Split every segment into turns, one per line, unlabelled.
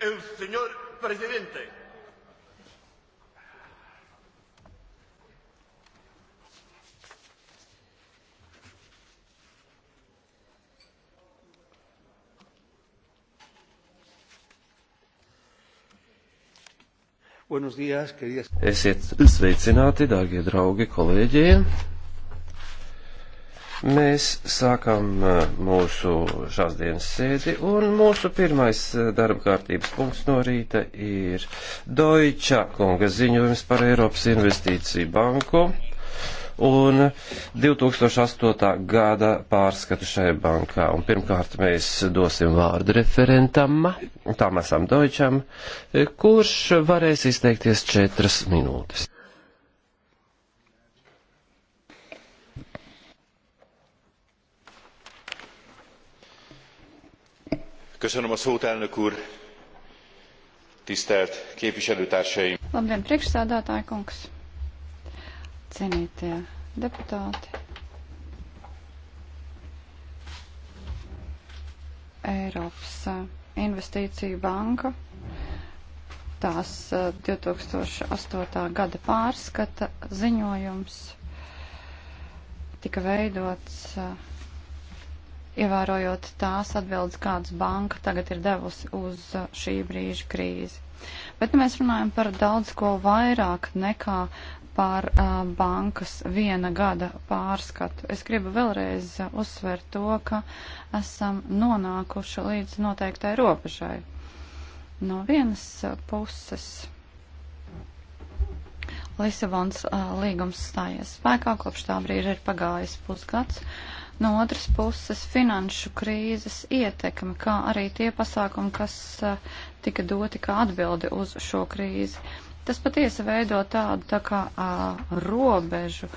el señor presidente. Buenos días, queridas. Esiet sveicināti, dārgie draugi, kolēģi. Mēs sākam uh, mūsu šās dienas sēdi, un mūsu pirmais uh, darba kārtības punkts no rīta ir Deutsche Kunga ziņojums par Eiropas investīciju banku un 2008. gada pārskatu šai bankā. Un pirmkārt mēs dosim vārdu referentam, Tamasam Deutscham, kurš varēs izteikties četras minūtes. Köszönöm a szót, elnök úr! Tisztelt képviselőtársaim!
Labdien, priekšsādātāja kungs! Cienītie deputāti! Eiropas investīciju banka tās 2008. gada pārskata ziņojums tika veidots ievērojot tās atbildes, kādas banka tagad ir devusi uz uh, šī brīža krīzi. Bet nu, mēs runājam par daudz ko vairāk nekā par uh, bankas viena gada pārskatu. Es gribu vēlreiz uh, uzsvērt to, ka esam nonākuši līdz noteiktai robežai. No vienas uh, puses Lisabons uh, līgums stājies spēkā, kopš tā brīža ir pagājis pusgads. Uh, No otras puses, finanšu krīzes ietekme, kā arī tie pasākumi, kas eh, tika doti kā atbildi uz šo krīzi. Tas patiesi veido tādu tā kā uh, robežu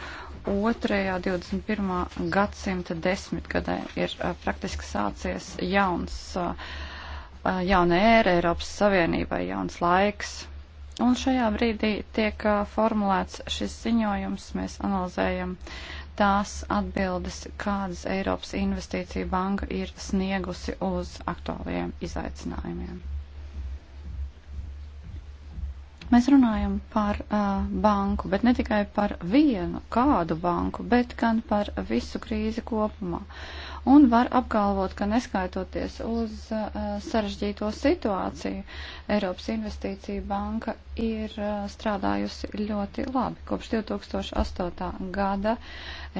otrajā 21. gadsimta desmitgadē ir uh, praktiski sācies jauns, uh, jauna ēra Eiropas Savienībai, jauns laiks. Un šajā brīdī tiek uh, formulēts šis ziņojums, mēs analizējam uh, tās atbildes, kādas Eiropas Investīcija banka ir sniegusi uz aktuālajiem izaicinājumiem. Mēs runājam par uh, banku, bet ne tikai par vienu kādu banku, bet gan par visu krīzi kopumā. Un var apgalvot, ka neskaitoties uz uh, sarežģīto situāciju, Eiropas investīcija banka ir uh, strādājusi ļoti labi. Kopš 2008. gada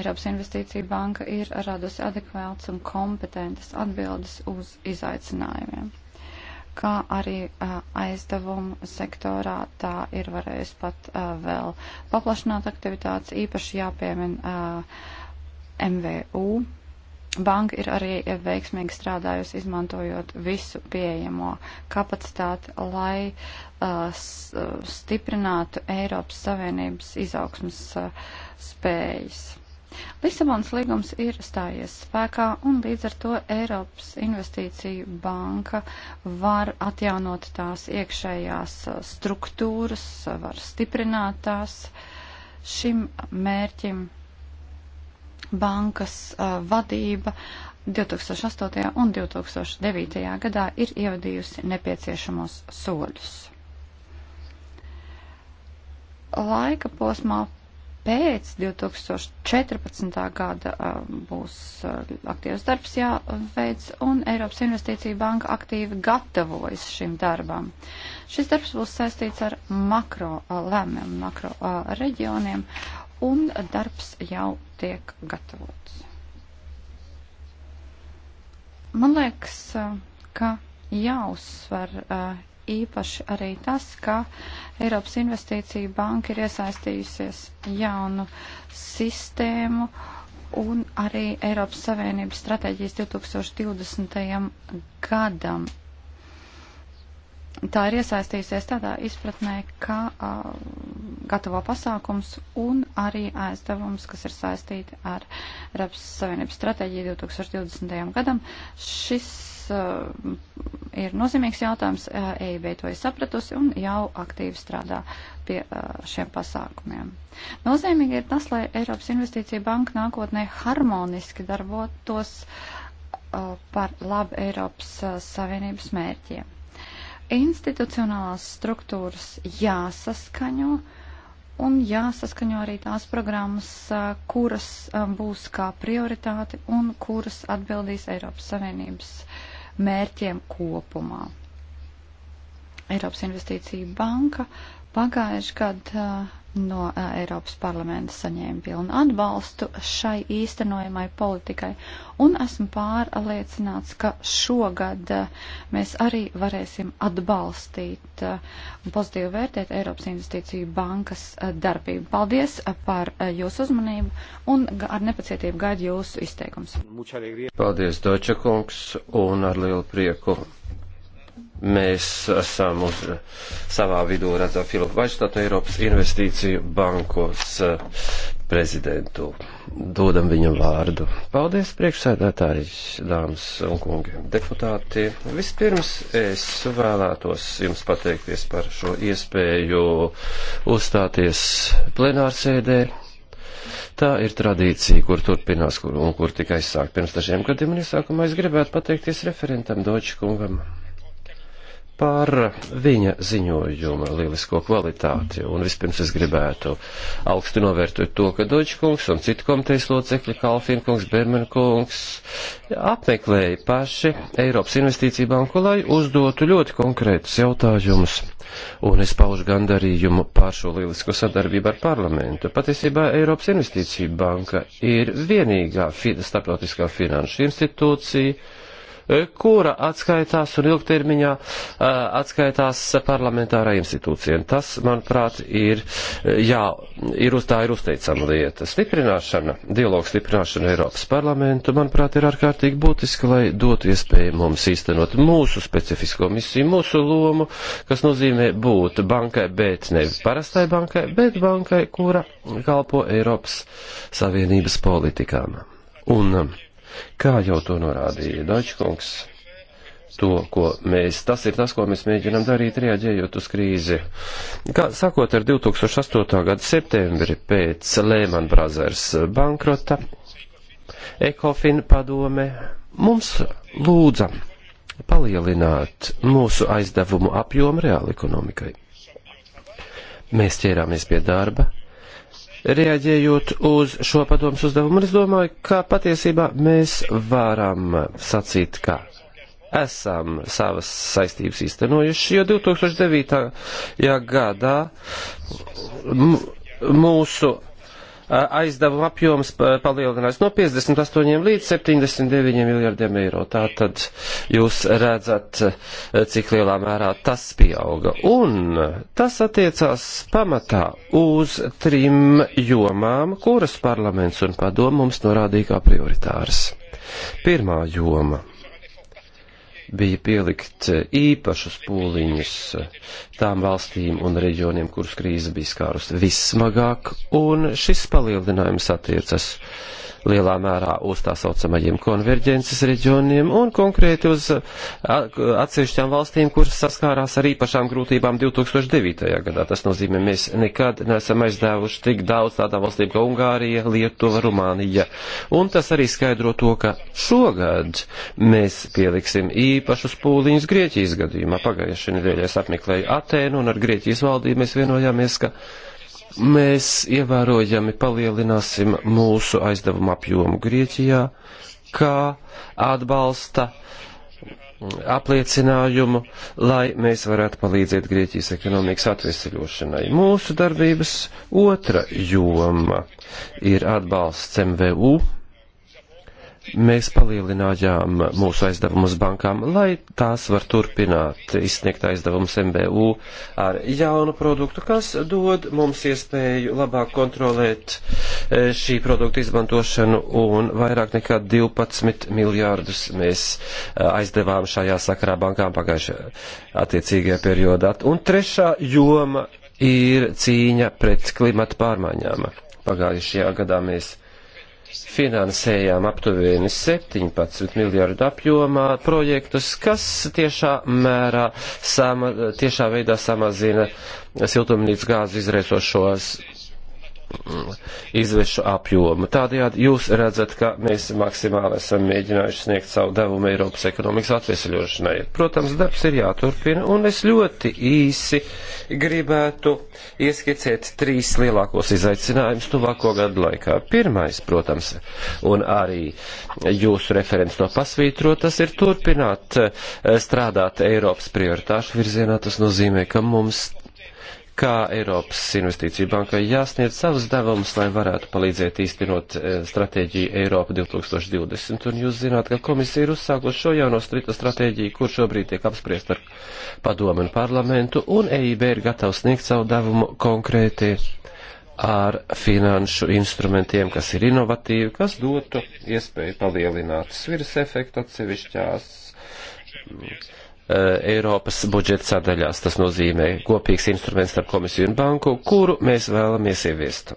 Eiropas investīcija banka ir radusi adekvāts un kompetentas atbildes uz izaicinājumiem kā arī uh, aizdevumu sektorā tā ir varējusi pat uh, vēl paplašināt aktivitātes, īpaši jāpiemina uh, MVU. Banka ir arī veiksmīgi strādājusi, izmantojot visu pieejamo kapacitāti, lai uh, stiprinātu Eiropas Savienības izaugsmas uh, spējas. Lisabonas līgums ir stājies spēkā un līdz ar to Eiropas investīciju banka var atjaunot tās iekšējās uh, struktūras, uh, var stiprināt tās šim mērķim. Bankas uh, vadība 2008. un 2009. gadā ir ievadījusi nepieciešamos soļus. Laika posmā pēc 2014. gada būs aktīvs darbs jāveic, un Eiropas Investīcija Banka aktīvi gatavojas šim darbam. Šis darbs būs saistīts ar makro lēmiem, makro reģioniem, un darbs jau tiek gatavots. Man liekas, ka jāuzsver īpaši arī tas, ka Eiropas investīcija banka ir iesaistījusies jaunu sistēmu un arī Eiropas Savienības stratēģijas 2020. gadam. Tā ir iesaistījusies tādā izpratnē, ka uh, gatavo pasākums un arī aizdevums, kas ir saistīti ar Eiropas Savienības stratēģiju 2020. gadam. Šis uh, ir nozīmīgs jautājums. Uh, EIB to ir sapratusi un jau aktīvi strādā pie uh, šiem pasākumiem. Nozīmīgi ir tas, lai Eiropas Investīcija Banka nākotnē harmoniski darbotos uh, par labu Eiropas uh, Savienības mērķiem. Institucionālās struktūras jāsaskaņo. Uh, un jāsaskaņo arī tās programmas, kuras būs kā prioritāte un kuras atbildīs Eiropas Savienības mērķiem kopumā. Eiropas Investīcija banka pagājuši gadu no Eiropas parlamenta saņēma pilnu atbalstu šai īstenojamai politikai. Un esmu pārliecināts, ka šogad mēs arī varēsim atbalstīt un pozitīvi vērtēt Eiropas investīciju bankas darbību. Paldies par jūsu uzmanību un ar nepacietību gaidu jūsu izteikums.
Paldies, Doča kungs, un ar lielu prieku Mēs esam uz savā vidū redzam Filipu Vaistatu Eiropas investīciju bankos eh, prezidentu. Dodam viņam vārdu. Paldies, priekšsēdētāji, dāmas un kungi, deputāti. Vispirms es vēlētos jums pateikties par šo iespēju uzstāties plenārsēdē. Tā ir tradīcija, kur turpinās kur, un kur tikai sāk pirms dažiem gadiem. Un iesākumā es gribētu pateikties referentam Dočikungam. kungam par viņa ziņojuma lielisko kvalitāti. Un vispirms es gribētu augstu novērtot to, ka Doģkungs un citu komitejas locekļi, Kalfinkungs, Bermenkungs, apmeklēja paši Eiropas investīciju banku, lai uzdotu ļoti konkrētus jautājumus. Un es paužu gandarījumu pār šo lielisko sadarbību ar parlamentu. Patiesībā Eiropas investīcija banka ir vienīgā fi starptautiskā finanšu institūcija, kura atskaitās un ilgtermiņā atskaitās parlamentārā institūcija. Un tas, manuprāt, ir, jā, ir uz tā ir uzteicama lieta. Stiprināšana, dialogu stiprināšana Eiropas parlamentu, manuprāt, ir ārkārtīgi būtiska, lai dotu iespēju mums īstenot mūsu specifisko misiju, mūsu lomu, kas nozīmē būt bankai, bet ne parastai bankai, bet bankai, kura kalpo Eiropas Savienības politikām. Un um, Kā jau to norādīja Dačkungs, to, ko mēs, tas ir tas, ko mēs mēģinām darīt, reaģējot uz krīzi. Kā, sākot ar 2008. gada septembri pēc Lehman Brothers bankrota, Ekofin padome mums lūdza palielināt mūsu aizdevumu apjomu reāli ekonomikai. Mēs ķērāmies pie darba, reaģējot uz šo padomus uzdevumu. Un es domāju, ka patiesībā mēs varam sacīt, ka esam savas saistības īstenojuši, jo 2009. gadā mūsu aizdevuma apjoms palielinās no 58 līdz 79 miljardiem eiro. Tātad jūs redzat, e, cik lielā mērā tas pieauga. Un tas attiecās pamatā uz trim jomām, kuras parlaments un padomu mums norādīja kā prioritāras. Pirmā joma bija pielikt īpašus pūliņus tām valstīm un reģioniem, kurus krīze bija skārus vissmagāk, un šis palielinājums attiecas lielā mērā uz tā saucamajiem konverģences reģioniem un konkrēti uz atsevišķām valstīm, kuras saskārās ar īpašām grūtībām 2009. gadā. Tas nozīmē, mēs nekad neesam aizdēvuši tik daudz tādām valstīm kā Ungārija, Lietuva, Rumānija. Un tas arī skaidro to, ka šogad mēs pieliksim īpašus pūliņus Grieķijas gadījumā. Pagājušajā nedēļā es apmeklēju Atēnu un ar Grieķijas valdību mēs vienojāmies, ka mēs ievērojami palielināsim mūsu aizdevumu apjomu Grieķijā, kā atbalsta apliecinājumu, lai mēs varētu palīdzēt Grieķijas ekonomikas atvesaļošanai. Mūsu darbības otra joma ir atbalsts MVU mēs palielinājām mūsu aizdevumus bankām, lai tās var turpināt izsniegt aizdevumus MBU ar jaunu produktu, kas dod mums iespēju labāk kontrolēt e, šī produkta izmantošanu un vairāk nekā 12 miljārdus mēs e, aizdevām šajā sakarā bankām pagājušajā attiecīgajā periodā. Un trešā joma ir cīņa pret klimata pārmaiņām. Pagājušajā gadā mēs finansējām aptuveni 17 miljardu apjomā projektus, kas tiešā mērā, sama, tiešā veidā samazina siltumnīcas gāzu izraisošos izvešu apjomu. Tādējādi jūs redzat, ka mēs maksimāli esam mēģinājuši sniegt savu devumu Eiropas ekonomikas atvesļošanai. Protams, darbs ir jāturpina, un es ļoti īsi gribētu ieskicēt trīs lielākos izaicinājumus tuvāko gadu laikā. Pirmais, protams, un arī jūsu referents to pasvītro, tas ir turpināt eh, strādāt Eiropas prioritāšu virzienā. Tas nozīmē, ka mums kā Eiropas Investīcija bankai jāsniedz savus devumus, lai varētu palīdzēt īstenot e, stratēģiju Eiropa 2020. Un jūs zināt, ka komisija ir uzsākusi šo jauno stratēģiju, kur šobrīd tiek apspriest ar padomu un parlamentu, un EIB ir gatavs sniegt savu devumu konkrēti ar finanšu instrumentiem, kas ir inovatīvi, kas dotu iespēju palielināt sviras efektu atsevišķās Eh, Eiropas budžeta sadaļās. Tas nozīmē kopīgs instruments starp komisiju un banku, kuru mēs vēlamies ieviest.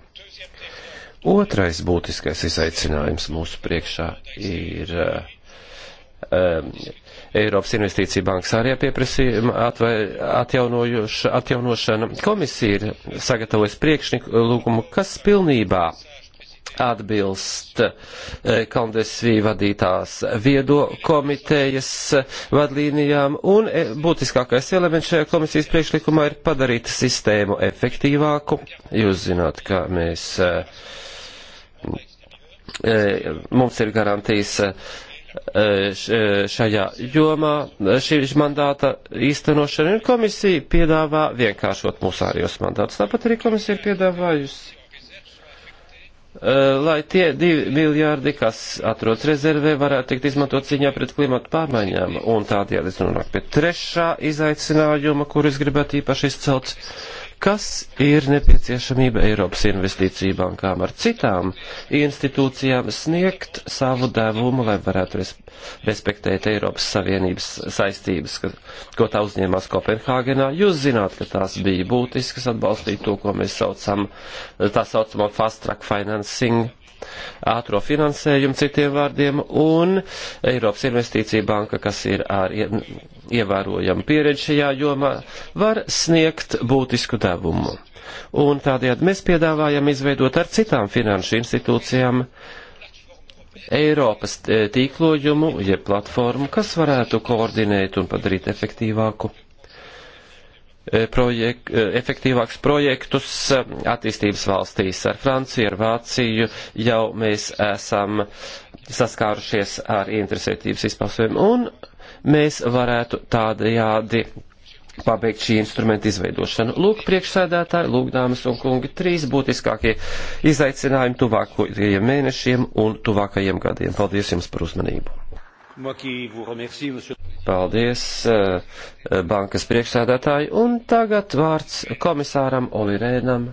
Otrais būtiskais izaicinājums mūsu priekšā ir um, Eiropas Investīcija bankas ārējā pieprasījuma atjaunošana. Komisija ir sagatavojusi priekšlikumu, kas pilnībā uh, atbilst eh, Kondesvī vadītās viedo komitejas eh, vadlīnijām, un eh, būtiskākais elements šajā komisijas priekšlikumā ir padarīt sistēmu efektīvāku. Jūs zināt, ka mēs, mums ir garantijas šajā jomā šī mandāta īstenošana, un komisija piedāvā vienkāršot mūsu ārējos mandātus. Tāpat arī komisija ir piedāvājusi Eh, lai tie divi miljārdi, kas atrodas rezervē, varētu tikt izmantot cīņā pret klimatu pārmaiņām. Un tādējādi es nonāku pie trešā izaicinājuma, kur es gribētu īpaši izcelt, kas ir nepieciešamība Eiropas investīciju bankām ar citām institūcijām sniegt savu devumu, lai varētu res respektēt Eiropas Savienības saistības, ka, ko tā uzņēmās Kopenhāgenā. Jūs zināt, ka tās bija būtiskas atbalstīt to, ko mēs saucam, tā saucamo fast track financing ātro finansējumu citiem vārdiem, un Eiropas investīcija banka, kas ir ar ievērojama pieredze šajā jomā, var sniegt būtisku devumu. Un tādējādi mēs piedāvājam izveidot ar citām finanšu institūcijām Eiropas eh, tīklojumu, jeb platformu, kas varētu koordinēt un padarīt efektīvāku eh, projek, eh, efektīvākus projektus attīstības valstīs. Ar Franciju, ar Vāciju jau mēs esam saskārušies ar interesētības izpausmēm. Un mēs varētu tādajādi pabeigt šī instrumenta izveidošanu. Lūk, priekšsēdētāji, lūk, dāmas un kungi, trīs būtiskākie izaicinājumi tuvākajiem mēnešiem un tuvākajiem gadiem. Paldies jums par uzmanību! Paldies, eh, bankas priekšsēdētāji, un tagad vārds komisāram Olirēnam,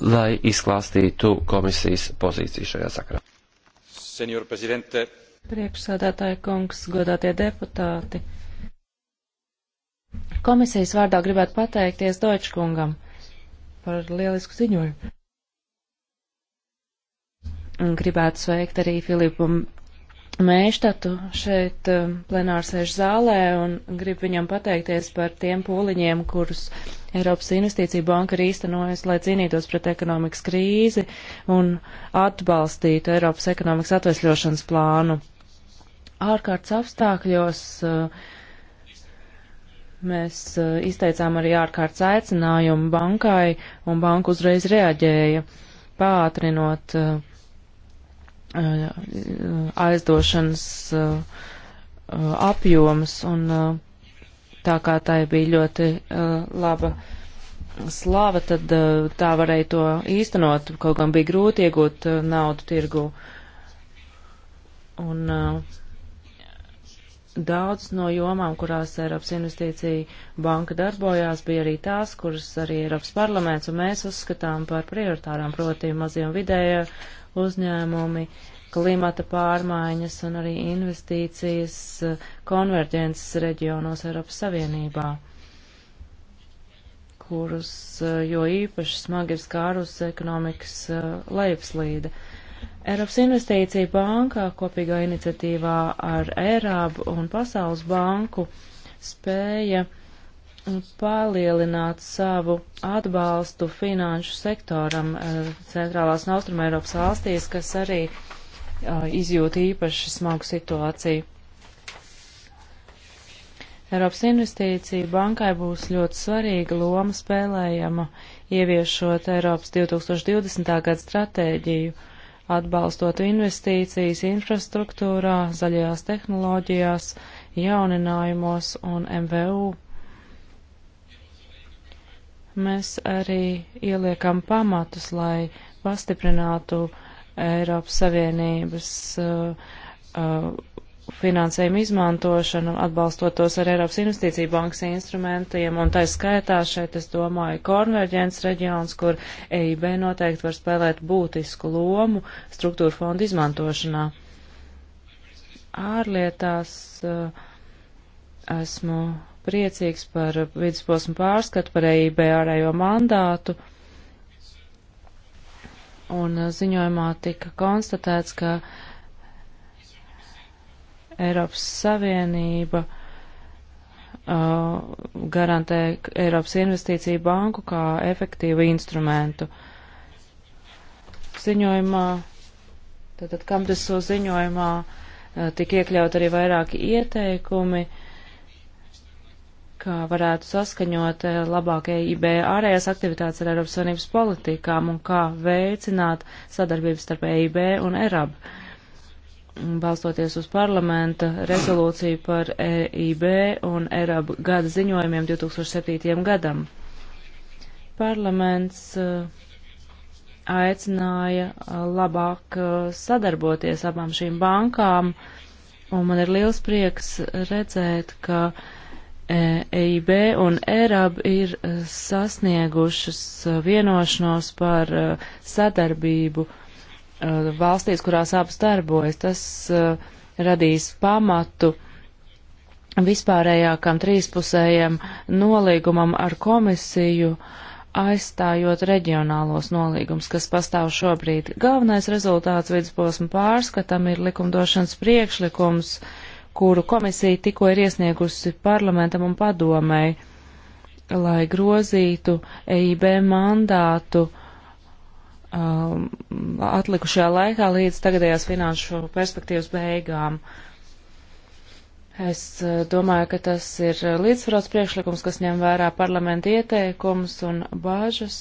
lai izklāstītu komisijas pozīciju šajā sakrā.
Senjor prezidente, Priekšsādātāja kungs, godātie deputāti. Komisijas vārdā gribētu pateikties Deutschkungam par lielisku ziņojumu. Gribētu sveikt arī Filipu Mēštatu šeit um, plenārsēžu zālē un gribu viņam pateikties par tiem pūliņiem, kurus Eiropas Investīcija banka ir īstenojusi, lai cīnītos pret ekonomikas krīzi un atbalstītu Eiropas ekonomikas atvesļošanas plānu ārkārtas apstākļos eh, mēs eh, izteicām arī ārkārtas aicinājumu bankai, un banka uzreiz reaģēja, pātrinot eh, aizdošanas apjomus, un tā kā tai bija ļoti laba slava, tad tā varēja to īstenot, kaut gan bija grūti iegūt naudu tirgu. Un uh, daudz no jomām, kurās Eiropas investīcija banka darbojās, bija arī tās, kuras arī Eiropas parlaments un mēs uzskatām par prioritārām, proti mazie un vidēja uzņēmumi, klimata pārmaiņas un arī investīcijas eh, konverģences reģionos Eiropas Savienībā, kurus eh, jo īpaši smagi ir skārus ekonomikas eh, lejupslīde. Uh, Eiropas Investīcija bankā kopīgā iniciatīvā ar Eirābu un Pasaules banku spēja palielināt savu atbalstu finanšu sektoram eh, centrālās un austruma Eiropas valstīs, kas arī eh, izjūt īpaši smagu situāciju. Eiropas investīcija bankai būs ļoti svarīga loma spēlējama ieviešot Eiropas 2020. gada stratēģiju atbalstot investīcijas infrastruktūrā, zaļajās tehnoloģijās, jauninājumos un MVU. Mēs arī ieliekam pamatus, lai pastiprinātu Eiropas Savienības uh, uh, finansējumu izmantošanu, atbalstot tos ar Eiropas investīciju bankas instrumentiem, un tā skaitā šeit, es domāju, konverģents reģions, kur EIB noteikti var spēlēt būtisku lomu struktūra fondu izmantošanā. Ārlietās eh, esmu priecīgs par vidusposmu pārskatu par EIB ārējo mandātu, un eh, ziņojumā tika konstatēts, ka Eiropas Savienība uh, garantē Eiropas investīciju banku kā efektīvu instrumentu. Ziņojumā, tātad kam tas so ziņojumā uh, tik iekļaut arī vairāki ieteikumi, kā varētu saskaņot uh, labāk EIB ārējās aktivitātes ar Eiropas Savienības politikām un kā veicināt sadarbības starp EIB un ERAB. Uh, balstoties uz parlamenta rezolūciju par EIB un ERAB gada ziņojumiem 2007. gadam. Parlaments eh, aicināja eh, labāk eh, sadarboties abām šīm bankām, un man ir liels prieks redzēt, ka EIB e un ERAB ir sasniegušas vienošanos par sadarbību uh, Uh, valstīs, kurās abas darbojas. Tas uh, radīs pamatu vispārējākam trīspusējam nolīgumam ar komisiju, aizstājot reģionālos nolīgums, kas pastāv šobrīd. Galvenais rezultāts vidusposma pārskatam ir likumdošanas priekšlikums, kuru komisija tikko ir iesniegusi parlamentam un padomēji, lai grozītu EIB mandātu uh, um, atlikušajā laikā līdz tagadējās finanšu perspektīvas beigām. Es uh, domāju, ka tas ir līdzsvarots priekšlikums, kas ņem vērā parlamenta ieteikums un bāžas.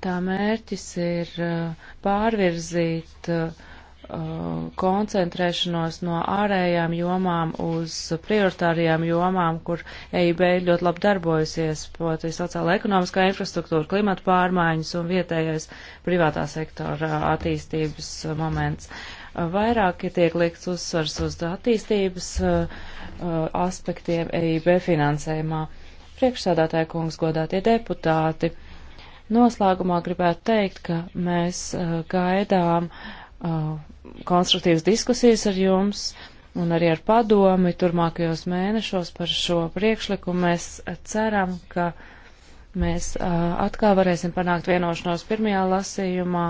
Tā mērķis ir uh, pārvirzīt uh, Uh, koncentrēšanos no ārējām jomām uz prioritārajām jomām, kur EIB ļoti labi darbojusies, proti sociāla ekonomiskā infrastruktūra, klimata pārmaiņas un vietējais privātā sektora attīstības moments. Uh, vairāk ja tiek liekts uzsvars uz attīstības uh, aspektiem EIB finansējumā. Priekšsādātāja kungs godātie deputāti. Noslēgumā gribētu teikt, ka mēs gaidām uh, uh, konstruktīvas diskusijas ar jums un arī ar padomi turmākajos mēnešos par šo priekšlikumu. Mēs ceram, ka mēs uh, atkal varēsim panākt vienošanos pirmajā lasījumā,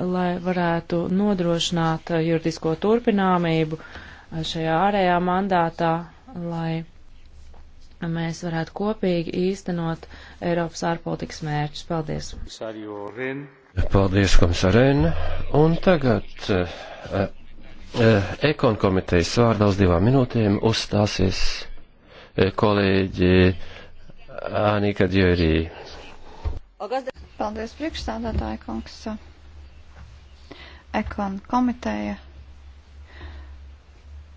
lai varētu nodrošināt uh, juridisko turpināmību uh, šajā ārējā mandātā, lai mēs varētu kopīgi īstenot Eiropas ārpolitikas mērķus. Paldies!
Paldies, komisārēna. Un tagad uh, uh, ekon komitejas vārdā uz divām minūtēm uzstāsies uh, kolēģi Anika Djurī.
Paldies, priekšstādātāja kungs. Ekon komiteja.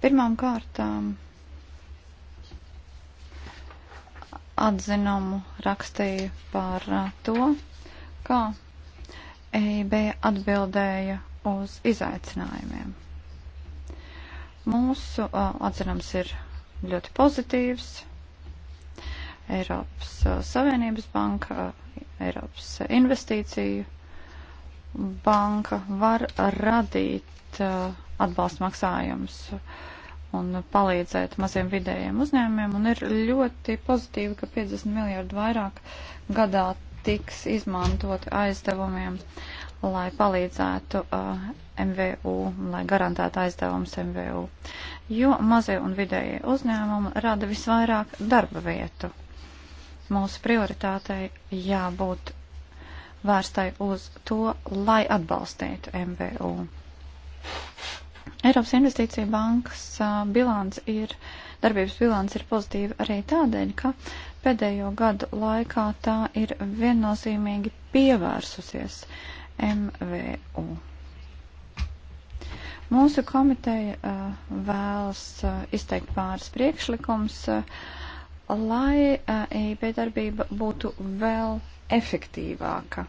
Pirmām kārtām atzinumu rakstīju par to, kā EIB atbildēja uz izaicinājumiem. Mūsu atzinums ir ļoti pozitīvs. Eiropas Savienības banka, Eiropas investīciju banka var radīt atbalstu maksājumus un palīdzēt maziem vidējiem uzņēmumiem. Un ir ļoti pozitīvi, ka 50 miljārdu vairāk gadā tiks izmantoti aizdevumiem, lai palīdzētu uh, MVU, lai garantētu aizdevumus MVU. Jo mazie un vidējie uzņēmumi rada visvairāk darba vietu. Mūsu prioritātei jābūt vērstai uz to, lai atbalstītu MVU. Eiropas Investīcija bankas bilants ir, darbības bilants ir pozitīva arī tādēļ, ka Pēdējo gadu laikā tā ir viennozīmīgi pievērsusies MVU. Mūsu komiteja uh, vēlas uh, izteikt pāris priekšlikums, uh, lai uh, EIB darbība būtu vēl efektīvāka.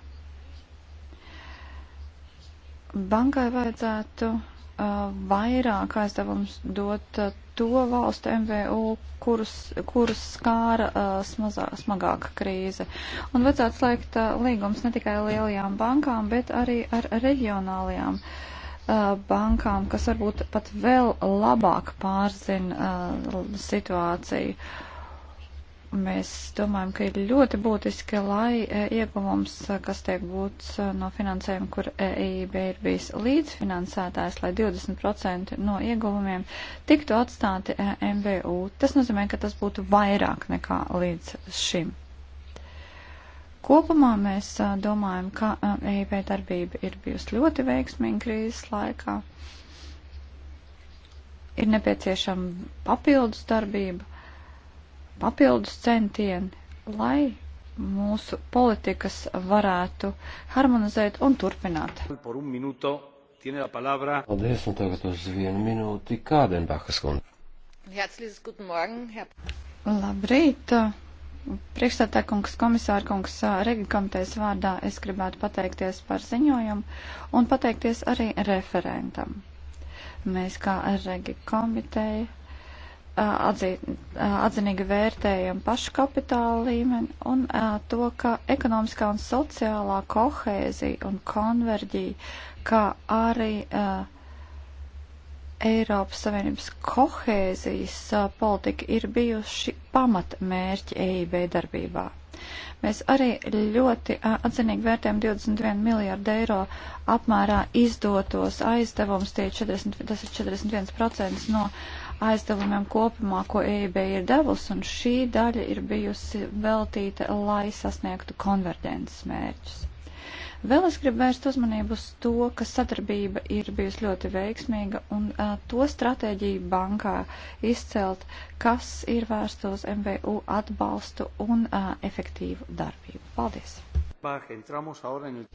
Bankai vajadzētu uh, vairāk aizdevums dot uh, to valstu MVU, kurus, kurus skāra uh, smazā, smagāka krīze. Un vajadzētu slēgt uh, līgums ne tikai lielajām bankām, bet arī ar reģionālajām uh, bankām, kas varbūt pat vēl labāk pārzina uh, situāciju. Uh, Mēs domājam, ka ir ļoti būtiski, lai e, ieguvums, e, kas tiek būts e, no finansējuma, kur EIB ir bijis līdzfinansētājs, lai 20% no ieguvumiem tiktu atstāti MBU. Tas nozīmē, ka tas būtu vairāk nekā līdz šim. Kopumā mēs domājam, ka EIB darbība ir bijusi ļoti veiksmīga krīzes laikā. Ir nepieciešama papildus darbība papildus centieni, lai mūsu politikas varētu harmonizēt un turpināt.
Paldies, un tagad uz vienu minūti Kādenbachas kundze. Herzliches
guten Morgen, Herr. Labrīt! Priekšstādā kungs, komisāra kungs, Regi komitejas vārdā es gribētu pateikties par ziņojumu un pateikties arī referentam. Mēs kā Regi komiteja atzī, atzinīgi vērtējam pašu kapitāla līmeni un to, ka ekonomiskā un sociālā kohēzija un konverģija, kā arī Eiropas Savienības kohēzijas politika ir bijuši pamatmērķi EIB darbībā. Mēs arī ļoti atzinīgi vērtējam 21 miljārdu eiro apmērā izdotos aizdevumus, tie 40, tas ir 41% no uh, aizdevumiem kopumā, ko EIB ir devusi, un šī daļa ir bijusi veltīta, lai sasniegtu konverģences mērķus. Vēl es gribu vērst uzmanību uz to, ka sadarbība ir bijusi ļoti veiksmīga un uh, to stratēģiju bankā izcelt, kas ir vērsta uz MVU atbalstu un uh, efektīvu darbību.
Paldies!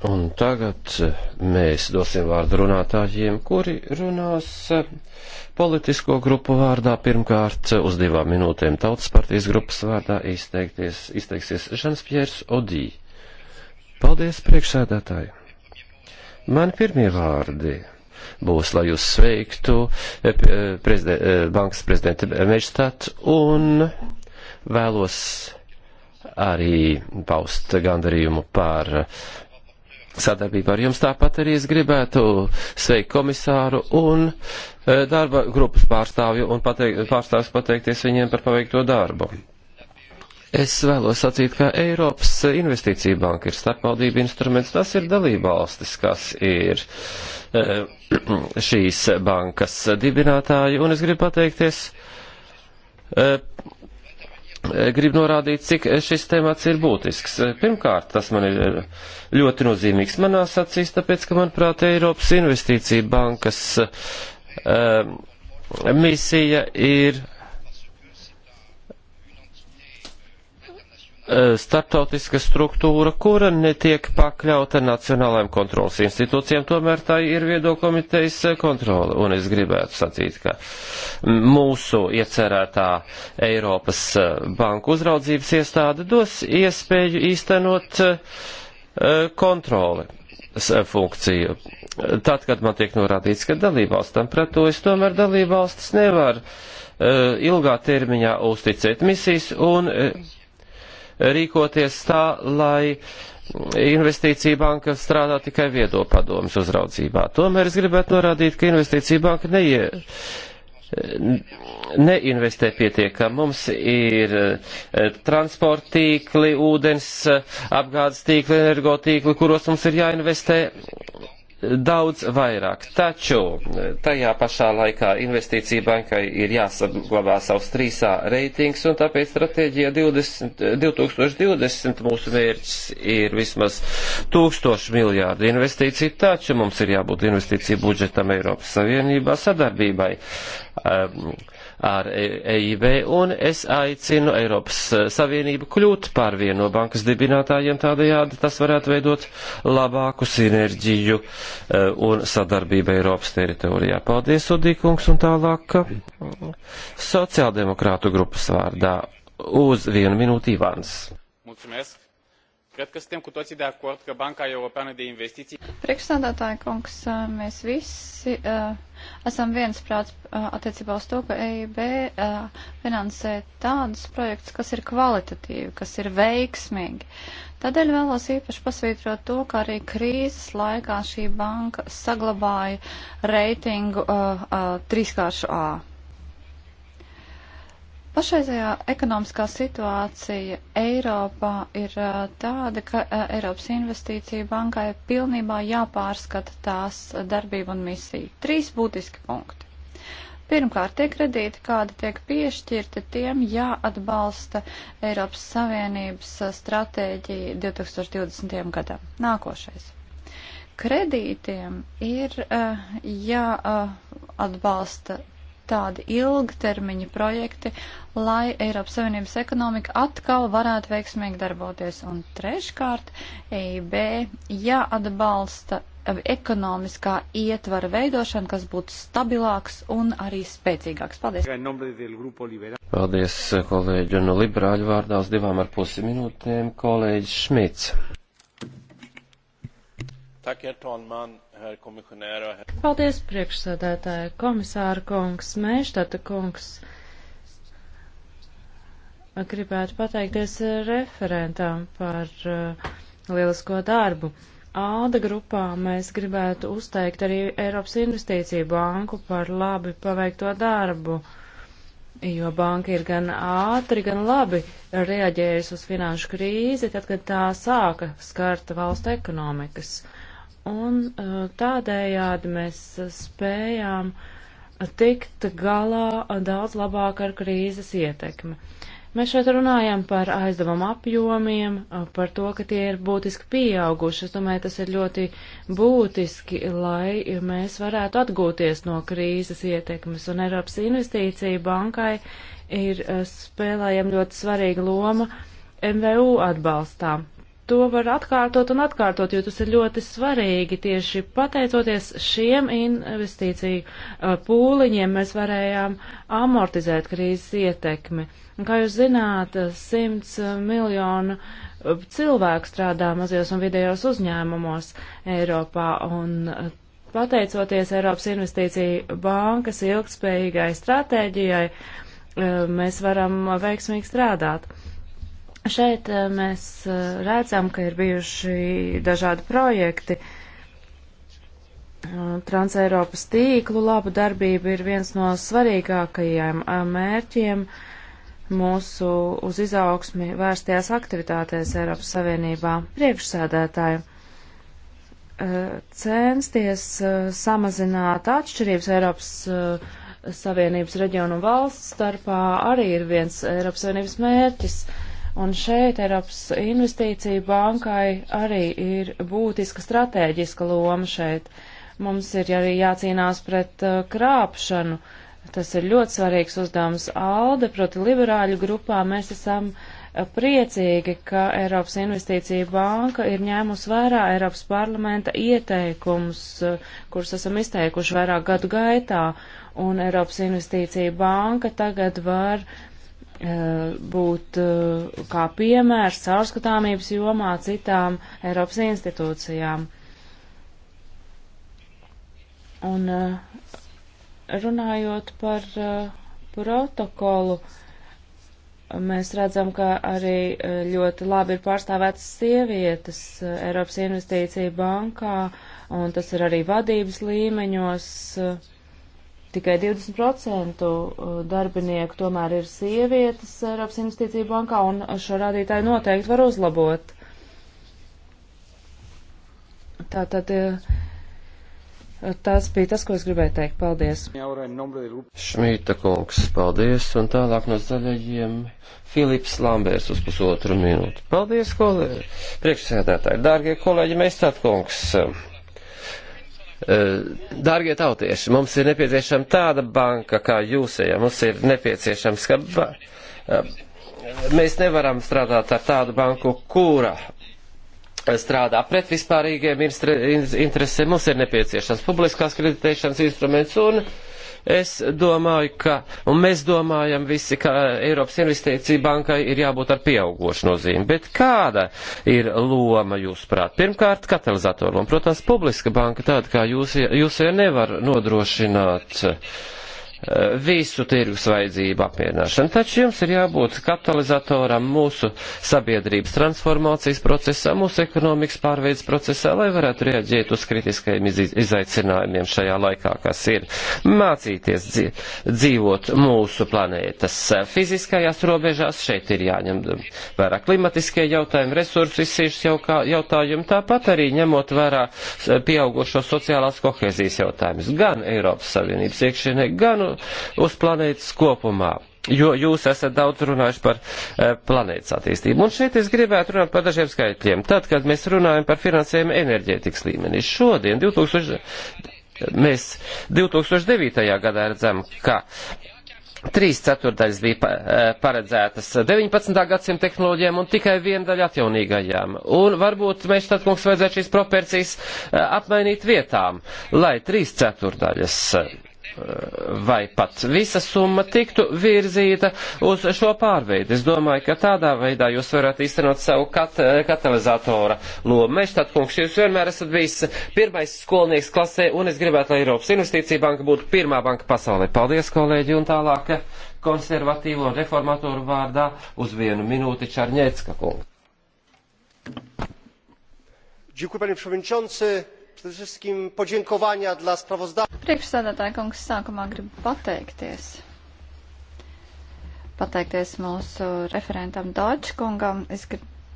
Un tagad eh, mēs dosim vārdu runātājiem, kuri runās eh, politisko grupu vārdā. Pirmkārt, uz divām minūtēm Tautas partijas grupas vārdā izteiksies Žans Piers Odī. Paldies, priekšsēdētāji! Man pirmie vārdi būs, lai jūs sveiktu eh, prezident, bankas prezidenta Mežstat un vēlos arī paust gandarījumu par sadarbību ar jums. Tāpat arī es gribētu sveikt komisāru un e, darba grupas pārstāvju un pateik, pārstāvs pateikties viņiem par paveikto darbu. Es vēlos sacīt, ka Eiropas investīcija banka ir starpvaldība instruments, tas ir dalībvalstis, kas ir e, šīs bankas dibinātāji, un es gribu pateikties e, Gribu norādīt, cik šis temats ir būtisks. Pirmkārt, tas man ir ļoti nozīmīgs manā sacīs, tāpēc, ka, manuprāt, Eiropas investīcija bankas um, misija ir Eh, starptautiska struktūra, kura netiek pakļauta nacionālajām kontrolas institūcijām, tomēr tā ir viedokomitejas eh, kontrola. Un es gribētu sacīt, ka mūsu iecerētā Eiropas eh, banku uzraudzības iestāde dos iespēju īstenot kontroli funkciju. Tad, kad man tiek norādīts, ka dalībvalstam pretojas, tomēr dalībvalstis nevar uh, ilgā termiņā uzticēt misijas un uh, rīkoties tā, lai investīcija banka strādā tikai viedo padomus uzraudzībā. Tomēr es gribētu norādīt, ka investīcija banka neie, neinvestē pietiekami. Mums ir e, transporta tīkli, ūdens e, apgādes tīkli, energotīkli, kuros mums ir jāinvestē daudz vairāk. Taču eh, tajā pašā laikā investīcija bankai ir jāsaglabā savs trīsā reitings, un tāpēc stratēģija 20, 2020 eh, mūsu mērķis ir vismaz tūkstoši miljārdu investīciju, taču mums ir jābūt investīciju budžetam Eiropas Savienībā sadarbībai. Um, ar EIB, e un es aicinu Eiropas eh, Savienību kļūt par vienu no bankas dibinātājiem tādējādi, tas varētu veidot labāku sinerģiju eh, un sadarbību Eiropas teritorijā. Paldies, Udīkungs, un tālāk eh, sociāldemokrātu grupas vārdā uz vienu minūti Ivans. Mulțumesc.
Cred că suntem cu toții de acord că Banca Europeană de Investiții. Priekšsādātāja kungs, mēs visi uh, esam viensprāts uh, attiecībā uz to, ka EIB uh, finansē tādus projektus, kas ir kvalitatīvi, kas ir veiksmīgi. Tādēļ vēlos īpaši pasvītrot to, ka arī krīzes laikā šī banka saglabāja reitingu uh, uh, trīskāršu A. Pašreizējā ekonomiskā situācija Eiropā ir tāda, ka Eiropas investīcija bankai pilnībā jāpārskata tās darbība un misija. Trīs būtiski punkti. Pirmkārt, tie kredīti, kādi tiek piešķirti, tiem jāatbalsta Eiropas Savienības stratēģija 2020. gadam. Nākošais. Kredītiem ir jāatbalsta tādi ilgtermiņa projekti, lai Eiropas Savienības ekonomika atkal varētu veiksmīgi darboties. Un treškārt, EIB jāatbalsta ekonomiskā ietvara veidošana, kas būtu stabilāks un arī spēcīgāks. Paldies!
Paldies, kolēģi, no liberāļu vārdās divām ar pusi minūtēm, kolēģis Šmits. Paldies,
priekšsēdētāja komisāra kungs, Mēštata kungs. Gribētu pateikties referentam par uh, lielisko darbu. Āda grupā mēs gribētu uzteikt arī Eiropas investīciju banku par labi paveikto darbu, jo banka ir gan ātri, gan labi reaģējusi uz finanšu krīzi, tad, kad tā sāka skart valstu ekonomikas. Uh, Un tādējādi mēs spējām tikt galā daudz labāk ar krīzes ietekmi. Mēs šeit runājam par aizdevumu apjomiem, par to, ka tie ir būtiski pieauguši. Es domāju, tas ir ļoti būtiski, lai mēs varētu atgūties no krīzes ietekmes. Un Eiropas investīcija bankai ir spēlējama ļoti svarīga loma MVU atbalstām to var atkārtot un atkārtot, jo tas ir ļoti svarīgi. Tieši pateicoties šiem investīciju uh, pūliņiem, mēs varējām amortizēt krīzes ietekmi. Un, kā jūs zināt, 100 miljonu uh, cilvēku strādā mazajos un vidējos uzņēmumos Eiropā, un uh, pateicoties Eiropas investīciju bankas ilgspējīgai stratēģijai, mēs varam veiksmīgi strādāt. Šeit eh, mēs eh, redzam, ka ir bijuši dažādi projekti. Eh, Transeiropas tīklu laba darbība ir viens no svarīgākajiem mērķiem mūsu uz izaugsmi vērstajās aktivitātēs Eiropas Savienībā priekšsēdētāju. Censties samazināt atšķirības Eiropas Savienības reģionu un valsts starpā arī ir viens Eiropas Savienības mērķis. Uh, Un šeit Eiropas investīcija bankai arī ir būtiska stratēģiska loma šeit. Mums ir arī jācīnās pret uh, krāpšanu. Tas ir ļoti svarīgs uzdevums ALDE, proti liberāļu grupā mēs esam uh, priecīgi, ka Eiropas investīcija banka ir ņēmusi vērā Eiropas parlamenta ieteikumus, uh, kurus esam izteikuši vairāk gadu gaitā, un Eiropas investīcija banka tagad var uh, Eh, būt eh, kā piemērs caurskatāmības jomā citām Eiropas institūcijām. Un eh, runājot par protokolu, mēs redzam, ka arī ļoti labi ir pārstāvētas sievietes Eiropas investīcija bankā, un tas ir arī vadības līmeņos. Uh, tikai 20% uh, darbinieku tomēr ir sievietes Eiropas investīcija bankā, un šo rādītāju noteikti var uzlabot. Tātad uh, tas bija tas, ko es gribēju teikt. Paldies.
Šmīta kungs, paldies, un tālāk no zaļajiem Filips Lambērs uz pusotru minūtu. Paldies, kolēģi. Priekšsēdētāji, dārgie kolēģi, mēs tātad kungs. Eh, dārgie tautieši, mums ir nepieciešama tāda banka kā jūsējā. Mums ir nepieciešams, ka ba... Eh, mēs nevaram strādāt ar tādu banku, kura strādā pret vispārīgiem interesēm. Mums ir nepieciešams publiskās kreditēšanas instruments un uh, Es domāju, ka, un mēs domājam visi, ka Eiropas investīcija bankai ir jābūt ar pieaugošu nozīmi, bet kāda ir loma jūsuprāt? Pirmkārt, katalizatoru loma. Protams, publiska banka tāda kā jūs, jūs jau nevar nodrošināt uh, Eh, visu tirgus vajadzību apvienošanu. Taču jums ir jābūt katalizatoram mūsu sabiedrības transformācijas procesā, mūsu ekonomikas pārveids procesā, lai varētu rieģēt uz kritiskajiem izaicinājumiem šajā laikā, kas ir mācīties dzīvot mūsu planētas fiziskajās robežās. Šeit ir jāņem vērā klimatiskie jautājumi, resursu izsīšas jautājumi, tāpat arī ņemot vērā pieaugušo sociālās kohēzijas jautājumus gan Eiropas Savienības iekšienē, gan uz planētas kopumā. Jo jūs esat daudz runājuši par e, planētas attīstību. Un šeit es gribētu runāt par dažiem skaitļiem. Tad, kad mēs runājam par finansējumu enerģētikas līmenī, šodien 2000, mēs 2009. gadā redzam, ka Trīs ceturdaļas bija eh, paredzētas 19. gadsimta tehnoloģijām un tikai viena daļa atjaunīgajām. Un varbūt mēs tad, kungs, vajadzētu šīs proporcijas eh, apmainīt vietām, lai trīs ceturdaļas vai pat visa summa tiktu virzīta uz šo pārveidi. Es domāju, ka tādā veidā jūs varat īstenot savu kat katalizatora lomu. Meštāt kungs, jūs vienmēr esat bijis pirmais skolnieks klasē, un es gribētu, lai Eiropas investīcija banka būtu pirmā banka pasaulē. Paldies, kolēģi, un tālāk konservatīvo un reformatoru vārdā uz vienu minūti Čarņēcka kungu. Dziękuję panie przewodniczący. Przede wszystkim podziękowania dla sprawozdawcy.
Priekšsēdētāja kungs sākumā grib pateikties. Pateikties mūsu referentam Dodžkungam. Es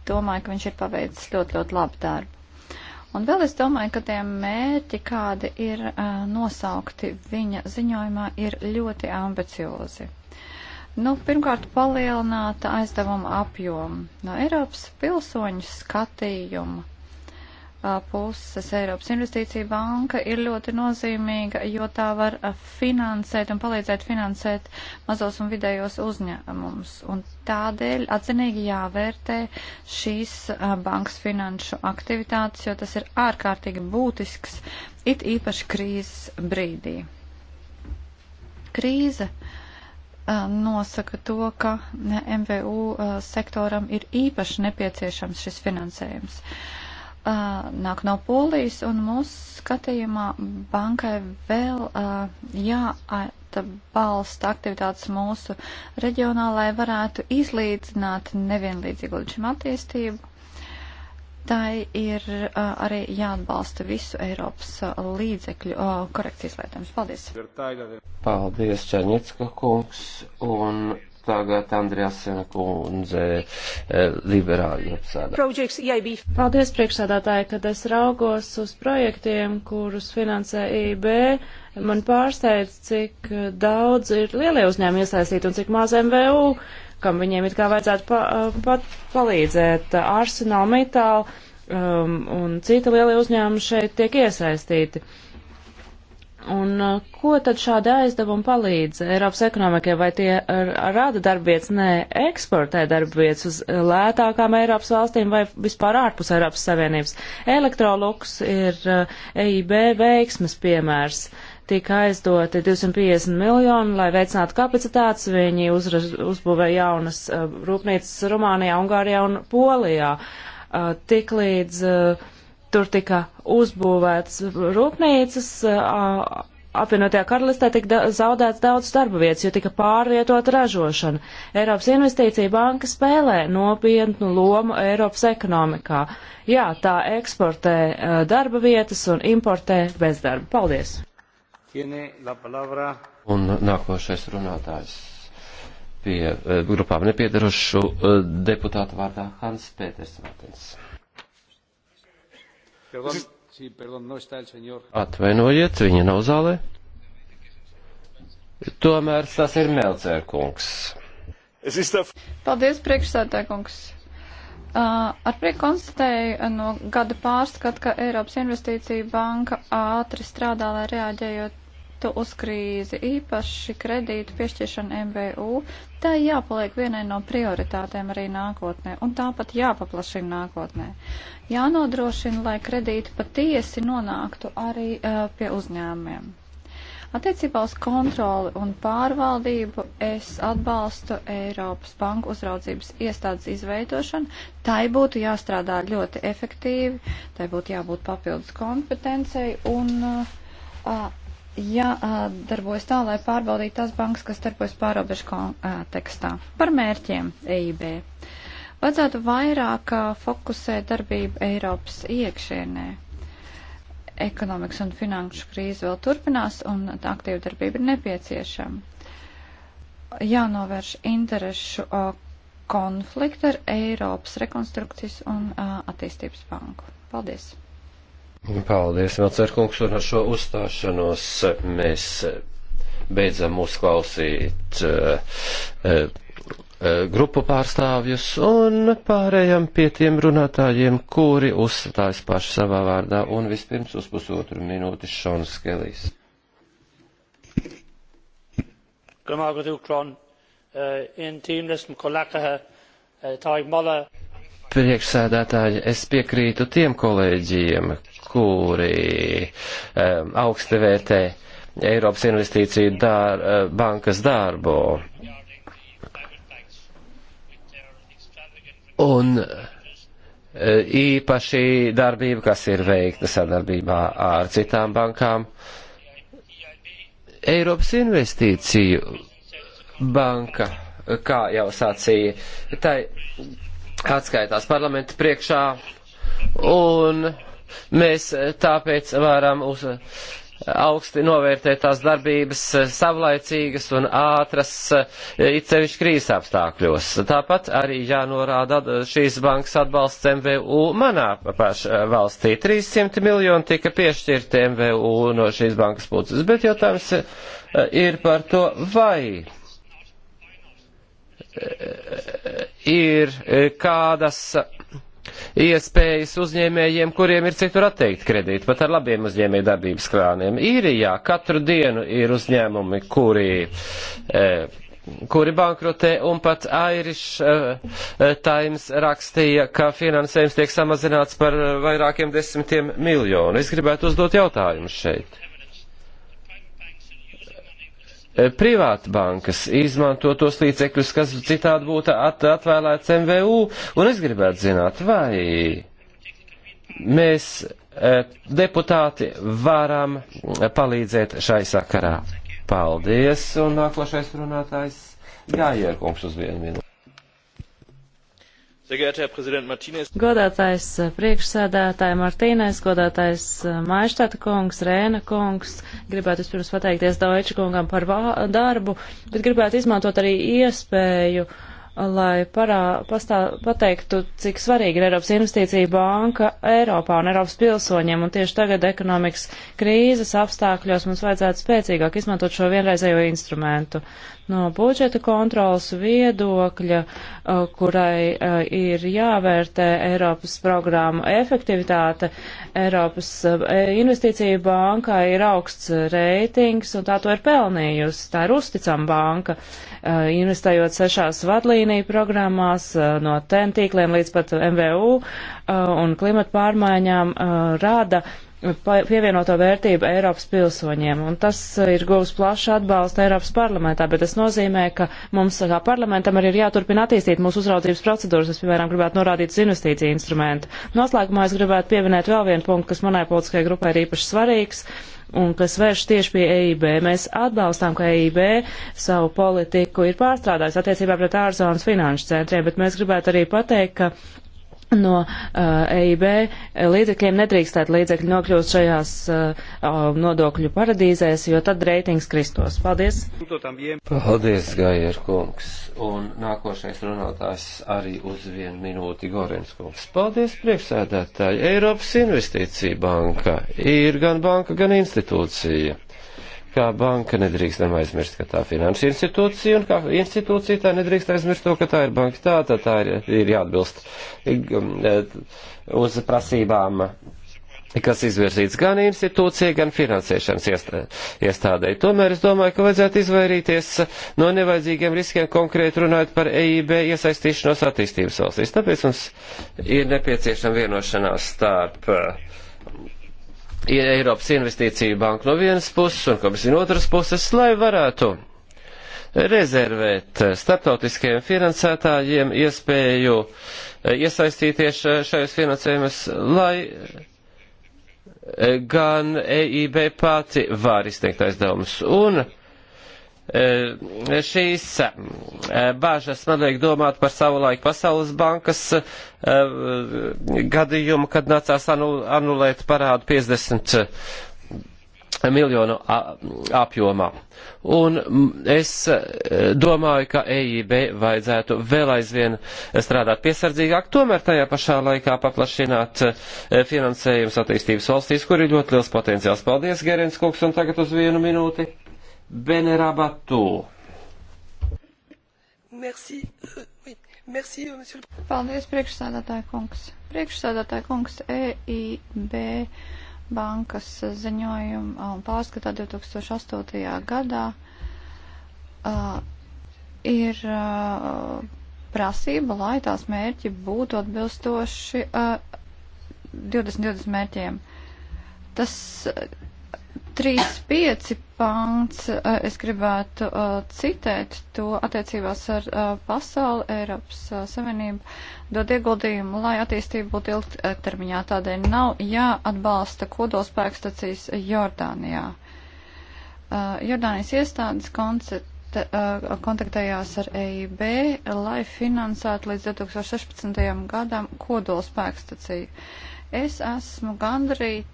domāju, ka viņš ir paveicis ļoti, ļoti labu darbu. Un vēl es domāju, ka tie mērķi, kādi ir uh, nosaukti viņa ziņojumā, ir ļoti ambiciozi. Nu, pirmkārt, palielināta aizdevuma apjoma no Eiropas pilsoņu skatījuma puses Eiropas Investīcija banka ir ļoti nozīmīga, jo tā var finansēt un palīdzēt finansēt mazos un vidējos uzņēmumus. Un tādēļ atzinīgi jāvērtē šīs bankas finanšu aktivitātes, jo tas ir ārkārtīgi būtisks, it īpaši krīzes brīdī. Krīze nosaka to, ka MVU sektoram ir īpaši nepieciešams šis finansējums. Uh, uh, nāk no Polijas, un mūsu skatījumā bankai vēl uh, jāatbalsta aktivitātes mūsu reģionā, lai varētu izlīdzināt nevienlīdzīgu līdz šim attīstību. Tai ir uh, arī jāatbalsta visu Eiropas uh, līdzekļu uh, korekcijas lietums. Paldies!
Paldies, Černiecka kungs! Un tagad Andrēsena kundze eh, liberāļu apsēdā.
E Paldies priekšsādātāji, kad es raugos uz projektiem, kurus finansē e IB. Man pārsteidz, cik daudz ir lielie uzņēmumi iesaistīti un cik maz MVU, kam viņiem it kā vajadzētu pa, eh, pat palīdzēt. Arsenal, Metal um, un citi lielie uzņēmumi šeit tiek iesaistīti. Uh, Un uh, ko tad šādi aizdevumi palīdz Eiropas ekonomikai? Vai tie rada darbvietas? Nē, eksportē darbvietas uz lētākām Eiropas valstīm vai vispār ārpus Eiropas Savienības. Elektroluks ir uh, EIB veiksmes piemērs. Tika aizdoti 250 miljoni, lai veicinātu kapacitātes. Viņi uzra, uzbūvēja jaunas uh, rūpnīcas Rumānijā, Ungārijā un Polijā. Tik līdz uh, Tur tika uzbūvēts rūpnīcas, apvienotajā karalistē tika da zaudēts daudz darba vietas, jo tika pārvietot ražošana. Eiropas investīcija banka spēlē nopietnu lomu Eiropas ekonomikā. Jā, tā eksportē uh, darba vietas un importē bezdarbu. Paldies!
Un nākošais runātājs pie uh, grupām nepiedarošu uh, deputātu vārdā Hans Pēters Vatens. Atvainojiet, viņa nav zālē. Tomēr tas ir Melcērkungs.
Paldies, priekšsēdētājkungs. Uh, ar prieku konstatēju uh, no gada pārskat, ka Eiropas investīcija banka ātri strādā, lai reaģējot reaktu uz krīzi, īpaši kredītu piešķiršana MVU, tā jāpaliek vienai no prioritātēm arī nākotnē, un tāpat jāpaplašina nākotnē. Jānodrošina, lai kredīti patiesi nonāktu arī uh, pie uzņēmumiem. Attiecībā uz kontroli un pārvaldību es atbalstu Eiropas Banku uzraudzības iestādes izveidošanu. Tai būtu jāstrādā ļoti efektīvi, tai būtu jābūt papildus kompetencei un uh, jādarbojas tā, lai pārbaudītu tās bankas, kas darbojas pārobežu kontekstā. Par mērķiem EIB. Vajadzētu vairāk fokusēt darbību Eiropas iekšienē. Ekonomikas un finanšu krīze vēl turpinās, un tā aktīva darbība ir nepieciešama. Jānovērš interešu konfliktu ar Eiropas rekonstrukcijas un attīstības banku. Paldies!
Paldies, Macerkungs, un ar šo uzstāšanos mēs beidzam uzklausīt eh, eh, grupu pārstāvjus un pārējām pie tiem runātājiem, kuri uzstājas paši savā vārdā, un vispirms uz pusotru minūti Šons Kelijs.
Gramāgatūkron, eh, in tīm nesmu kolakaha, tā ir mala
priekšsēdētāji, es piekrītu tiem kolēģiem, kuri um, augsti vērtē Eiropas investīciju dar, eh, bankas darbu. Un eh, īpaši darbība, kas ir veikta sadarbībā ar citām bankām, Eiropas investīciju banka, kā jau sacīja, tai atskaitās parlamenta priekšā, un mēs tāpēc varam uz augsti novērtēt tās darbības savlaicīgas un ātras, it sevišķi krīzes apstākļos. Tāpat arī jānorāda šīs bankas atbalsts MVU manā pašā valstī. 300 miljoni tika piešķirti MVU no šīs bankas puses, bet jautājums eh, ir par to, vai ir e, kādas iespējas uzņēmējiem, kuriem ir citur atteikt kredīti, pat ar labiem uzņēmēju darbības krāniem. Īrijā katru dienu ir uzņēmumi, kuri, e, kuri bankrotē, un pat Irish e, Times rakstīja, ka finansējums tiek samazināts par vairākiem desmitiem miljonu. Es gribētu uzdot jautājumu šeit. Eh, privātbankas izmanto tos līdzekļus, kas citādi būtu at atvēlēts MVU, un es gribētu zināt, vai mēs eh, deputāti varam eh, palīdzēt šai sakarā. Paldies, un nākošais runātājs Gājērkungs uz vienu minūti. Godātais
eh, priekšsēdētāji Martīnais, godātais eh, Maištata kungs, Rēna kungs, gribētu vispirms pateikties Deutsche kungam par darbu, bet gribētu izmantot arī iespēju, lai parā, pastā, pateiktu, cik svarīga ir Eiropas investīcija banka Eiropā un Eiropas pilsoņiem, un tieši tagad ekonomikas krīzes apstākļos mums vajadzētu spēcīgāk izmantot šo vienreizējo instrumentu. No budžeta kontrolas viedokļa, uh, kurai uh, ir jāvērtē Eiropas programmu efektivitāte, Eiropas uh, investīcija bankā ir augsts reitings un tā to ir pelnījusi. Tā ir uzticama banka, investējot sešās vadlīniju programmās no ten tīkliem līdz pat MVU un klimata pārmaiņām rāda pievienoto vērtību Eiropas pilsoņiem, un tas uh, ir guvis plašu atbalstu Eiropas parlamentā, bet tas nozīmē, ka mums kā parlamentam arī ir jāturpina attīstīt mūsu uzraudzības procedūras, es, piemēram, gribētu norādīt uz investīciju instrumentu. Noslēgumā es gribētu pieminēt vēl vienu punktu, kas manai politiskajai grupai ir īpaši svarīgs un kas vērš tieši pie EIB. Mēs atbalstām, ka EIB savu politiku ir pārstrādājis attiecībā pret ārzonas finanšu centriem, bet mēs gribētu arī pateikt, ka no uh, eh, EIB eh, līdzekļiem nedrīkstētu līdzekļi nokļūt šajās uh, nodokļu paradīzēs, jo tad reitings kristos. Paldies!
Paldies, Gajer kungs! Un nākošais runātājs arī uz vienu minūti Gorins kungs. Paldies, priekšsēdētāji! Eiropas investīcija banka ir gan banka, gan institūcija kā banka nedrīkstam aizmirst, ka tā ir finanšu institūcija, un kā institūcija tā nedrīkst aizmirst to, ka tā ir banka. Tā, tā, tā ir, ir jāatbilst um, eh, uz prasībām, kas izvirzīts gan institūcija, gan finansēšanas iestādē. Tomēr es domāju, ka vajadzētu izvairīties no nevajadzīgiem riskiem konkrēti runājot par EIB iesaistīšanos attīstības valstīs. Tāpēc mums ir nepieciešama vienošanās starp ir Eiropas investīcija banka no vienas puses un komisija no otras puses, lai varētu rezervēt starptautiskajiem finansētājiem iespēju eh, iesaistīties šajos finansējumus, lai eh, gan EIB pati var izteikt aizdevumus. Un Eh, šīs eh, bāžas man liek domāt par savulaik Pasaules bankas eh, gadījumu, kad nācās anulēt parādu 50 miljonu apjomā. Un es domāju, ka EIB vajadzētu vēl aizvien strādāt piesardzīgāk, tomēr tajā pašā laikā paplašināt finansējums attīstības valstīs, kur ir ļoti liels potenciāls. Paldies, Gerins Kungs, un tagad uz vienu minūti. Benerabatu. Merci. Euh, Merci, euh, monsieur.
Paldies, priekšsādātāja kungs. Priekšsādātāja kungs EIB bankas ziņojuma un um, pārskatā 2008. gadā uh, ir uh, prasība, lai tās mērķi būtu atbilstoši uh, 2020 mērķiem. Tas uh, 3.5 pāns eh, es gribētu uh, citēt to attiecībās ar uh, pasauli, Eiropas uh, Savienību dod ieguldījumu, lai attīstība būtu ilgtermiņā. Tādēļ nav jāatbalsta kodolspēkstacijas Jordānijā. Uh, Jordānijas iestādes koncepta, uh, kontaktējās ar EIB, lai finansētu līdz 2016. gadam kodolspēkstaciju. Es esmu gandrīt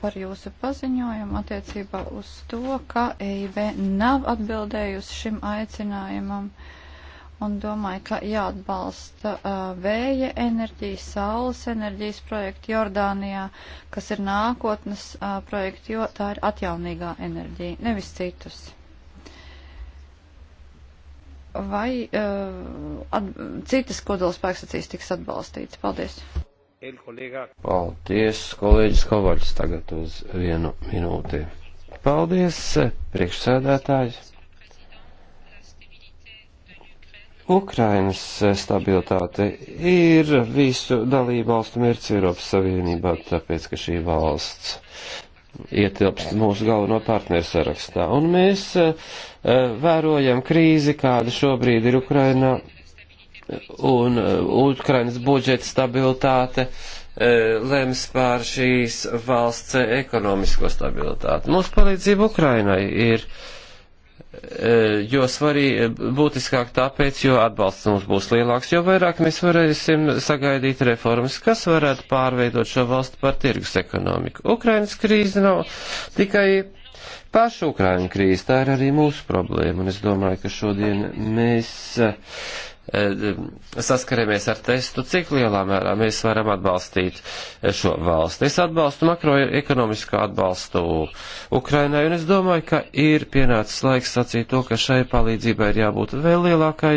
par jūsu paziņojumu attiecībā uz to, ka EIB nav atbildējusi šim aicinājumam un domāju, ka jāatbalsta uh, vēja enerģija, saules enerģijas projekti Jordānijā, kas ir nākotnes uh, projekti, jo tā ir atjaunīgā enerģija, nevis citus. Vai uh, at, citas kodolspēkstacijas tiks atbalstīts? Paldies!
Paldies, kolēģis Kovaļs, tagad uz vienu minūti. Paldies, priekšsēdētājs. Ukrainas stabilitāte ir visu dalību valstu mērķis Eiropas Savienībā, tāpēc, ka šī valsts ietilpst mūsu galveno partneru sarakstā. Un mēs eh, vērojam krīzi, kāda šobrīd ir Ukrainā, un uh, Ukrainas budžeta stabilitāte uh, lems pār šīs valsts ekonomisko stabilitāti. Mūsu palīdzība Ukrainai ir uh, jo svarīgi būtiskāk tāpēc, jo atbalsts mums būs lielāks, jo vairāk mēs varēsim sagaidīt reformas, kas varētu pārveidot šo valstu par tirgus ekonomiku. Ukrainas krīze nav tikai paša Ukraina krīze, tā ir arī mūsu problēma, un es domāju, ka šodien mēs uh, Eh, saskaramies ar testu, cik lielā mērā mēs varam atbalstīt eh, šo valsti. Es atbalstu makroekonomisko atbalstu Ukrainai, un es domāju, ka ir pienācis laiks sacīt to, ka šai palīdzībai ir jābūt vēl lielākai,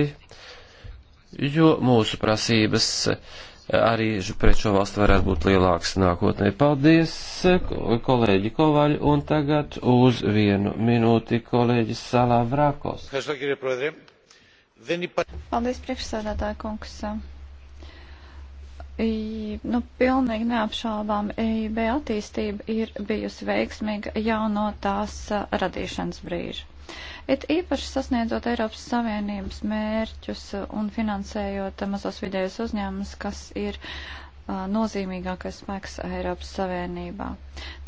jo mūsu prasības eh, arī pret šo valstu varētu būt lielākas nākotnē. Paldies, kolēģi Kovaļi, un tagad uz vienu minūti kolēģis Salā Vrākos. Kas, tā, Paldies,
priekšsēdētāja kungs. I, nu, pilnīgi neapšaubām EIB attīstība ir bijusi veiksmīga jau no tās a, radīšanas brīža. It īpaši sasniedzot Eiropas Savienības mērķus un finansējot mazos vidējos uzņēmumus, kas ir uh, nozīmīgākais spēks Eiropas Savienībā.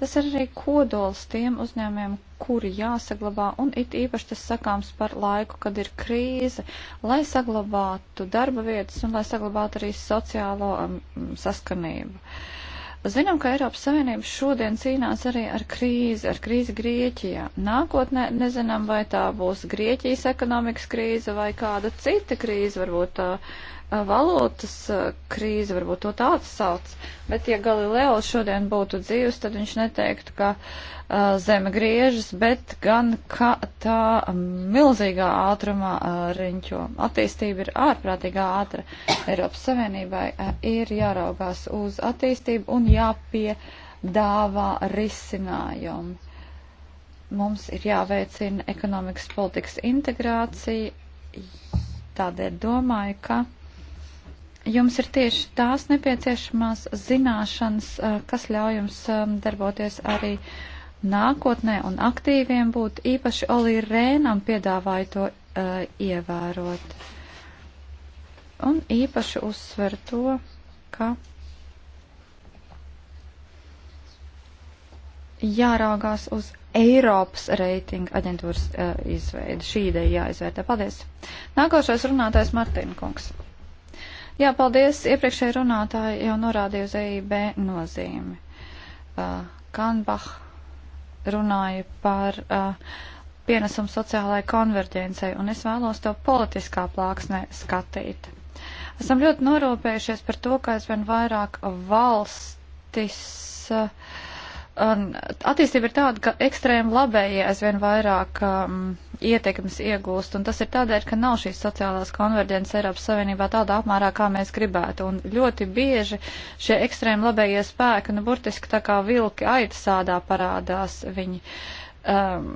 Tas ir arī kodols tiem uzņēmiem, kuri jāsaglabā, un it īpaši tas sakāms par laiku, kad ir krīze, lai saglabātu darba vietas un lai saglabātu arī sociālo um, saskanību. Uh, Zinām, ka Eiropas Savienība šodien cīnās arī ar krīzi, ar krīzi Grieķijā. Nākotnē nezinām, vai tā būs Grieķijas ekonomikas krīze vai kāda cita krīze, varbūt valūtas eh, krīze, varbūt to tāds sauc, bet ja Galileo šodien būtu dzīves, tad viņš neteiktu, ka uh, zeme griežas, bet gan, ka tā milzīgā ātrumā uh, eh, riņķo. Attīstība ir ārprātīgā ātra. Eiropas Savienībai uh, ir jāraugās uz attīstību un jāpiedāvā risinājumi. Mums ir jāveicina ekonomikas politikas integrācija. Tādēļ domāju, ka jums ir tieši tās nepieciešamās zināšanas, eh, kas ļauj jums eh, darboties arī nākotnē un aktīviem būt. Īpaši Olī Rēnam piedāvāja to uh, ievērot. Un īpaši uzsver to, ka jāraugās uz Eiropas reitinga aģentūras uh, izveidi. Šī ideja jāizvērtē. Paldies! Nākošais runātājs Martina Kungs. Jā, paldies. Iepriekšēji runātāji jau norādīja uz EIB nozīmi. Uh, Kanbach runāja par uh, pienesumu sociālajai konverģencei, un es vēlos to politiskā plāksnē skatīt. Esam ļoti norūpējušies par to, ka aizvien vairāk valstis uh, Un attīstība ir tāda, ka ekstrēma labējie aizvien vairāk um, ietekmes iegūst, un tas ir tādēļ, ka nav šīs sociālās konverģences Eiropas Savienībā tādā apmērā, kā mēs gribētu. Un ļoti bieži šie ekstrēma labējie spēki, nu, burtiski tā kā vilki aitasādā parādās viņi. Um,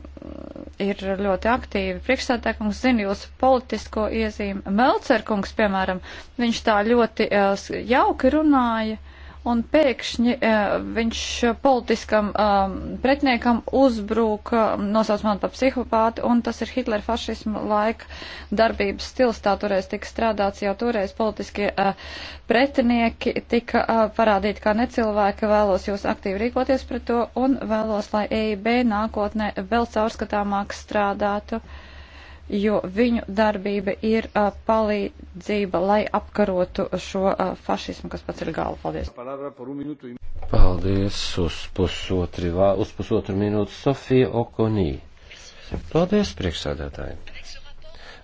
ir ļoti aktīvi. Priekšstādākums zina jūsu politisko iezīmi. Melcerkungs, piemēram, viņš tā ļoti uh, jauki runāja. Uh, un pēkšņi e, viņš politiskam e, pretiniekam uzbruka, e, nosauc mani par psihopātu, un tas ir Hitlera fašismu laika darbības stils. Tā toreiz tika strādāts, jau toreiz politiskie pretinieki tika parādīti kā necilvēki. Vēlos jūs aktīvi rīkoties pret to un vēlos, lai EIB nākotnē vēl caurskatāmāk strādātu. Uh, jo viņu darbība ir uh, palīdzība, lai apkarotu šo uh, fašismu, kas pats ir galva. Paldies!
Paldies uz pusotri, vā, uz pusotru minūtu Sofija Okonī. Paldies, priekšsādātāji!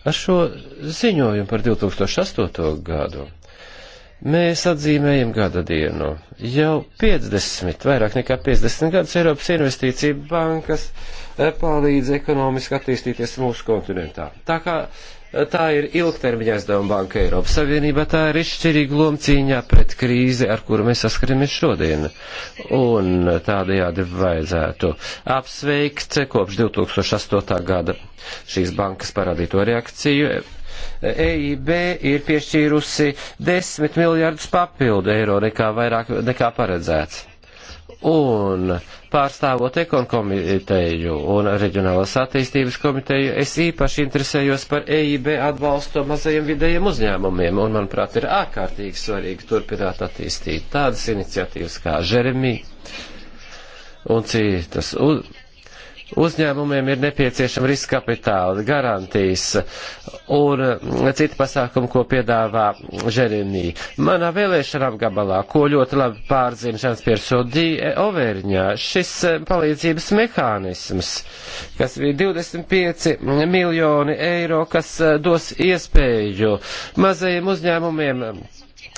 Ar šo ziņojumu par 2008. gadu Mēs atzīmējam gada dienu. Jau 50, vairāk nekā 50 gadus Eiropas investīcija bankas eh, palīdz ekonomiski attīstīties mūsu kontinentā. Tā kā Tā ir ilgtermiņa aizdevuma banka Eiropas Savienībā, tā ir izšķirīga loma cīņā pret krīzi, ar kuru mēs saskaramies šodien. Un tādējādi vajadzētu apsveikt kopš 2008. gada šīs bankas parādīto reakciju. EIB ir piešķīrusi 10 miljardus papildu eiro nekā vairāk nekā paredzēts Un pārstāvot ekonkomiteju un reģionālās attīstības komiteju, es īpaši interesējos par EIB atbalstu mazajiem vidējiem uzņēmumiem, un, manuprāt, ir ārkārtīgi svarīgi turpināt attīstīt tādas iniciatīvas kā Žeremī un citas. Un Uzņēmumiem ir nepieciešama riska kapitāla, garantijas un citi pasākumi, ko piedāvā Žerinī. Manā vēlēšana apgabalā, ko ļoti labi pārzina Žants Piersodī, e, Overņā, šis e, palīdzības mehānisms, kas bija 25 miljoni eiro, kas e, dos iespēju mazajiem uzņēmumiem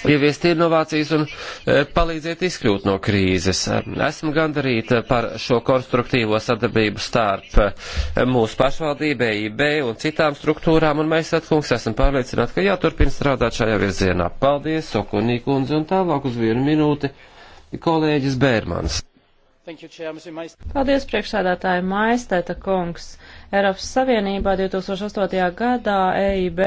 ieviest inovācijas un e, palīdzēt izkļūt no krīzes. Esmu gandarīta par šo konstruktīvo sadarbību starp e, mūsu pašvaldībai, e IB un citām struktūrām, un mēs atkungs esam pārliecināti, ka jāturpina strādāt šajā virzienā. Paldies, Sokunī kundze, un tālāk uz vienu minūti kolēģis Bērmans.
Paldies, priekšsēdētāji Maistēta kungs. Eiropas Savienībā 2008. gadā EIB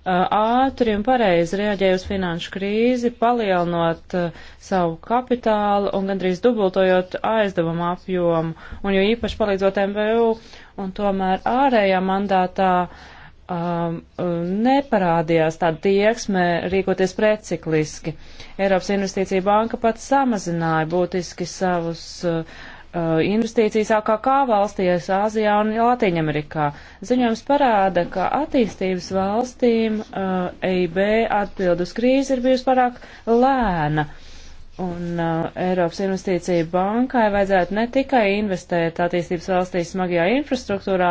Uh, ātri un pareizi reaģēja uz finanšu krīzi, palielinot uh, savu kapitālu un gandrīz dubultojot aizdevumu apjomu, un jo īpaši palīdzot MVU, un tomēr ārējā mandātā um, neparādījās tāda tieksme rīkoties precikliski. Eiropas investīcija banka pat samazināja būtiski savus uh, Uh, investīcijas AKK valstīs, Āzijā un Latīņamerikā. Ziņojums parāda, ka attīstības valstīm uh, EIB atbild uz krīzi ir bijusi pārāk lēna. Uh, Un uh, Eiropas investīcija bankai vajadzētu ne tikai investēt attīstības valstīs smagajā infrastruktūrā,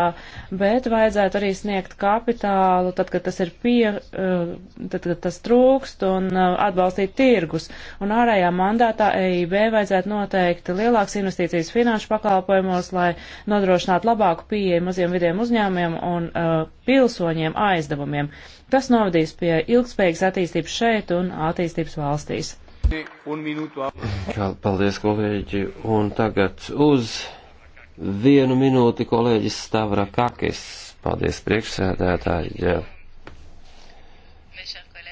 bet vajadzētu arī sniegt kapitālu, tad, kad tas ir pie, uh, tad, kad tas trūkst, un uh, atbalstīt tirgus. Un ārējā mandātā EIB vajadzētu noteikt lielākas investīcijas finanšu pakalpojumos, lai nodrošinātu labāku pieeju maziem vidiem uzņēmumiem un uh, pilsoņiem aizdevumiem. Tas novadīs pie ilgspējīgas attīstības šeit un attīstības valstīs.
Paldies, kolēģi. Un tagad uz vienu minūti kolēģis Stavra Kakis. Paldies, priekšsēdētāji. Jā.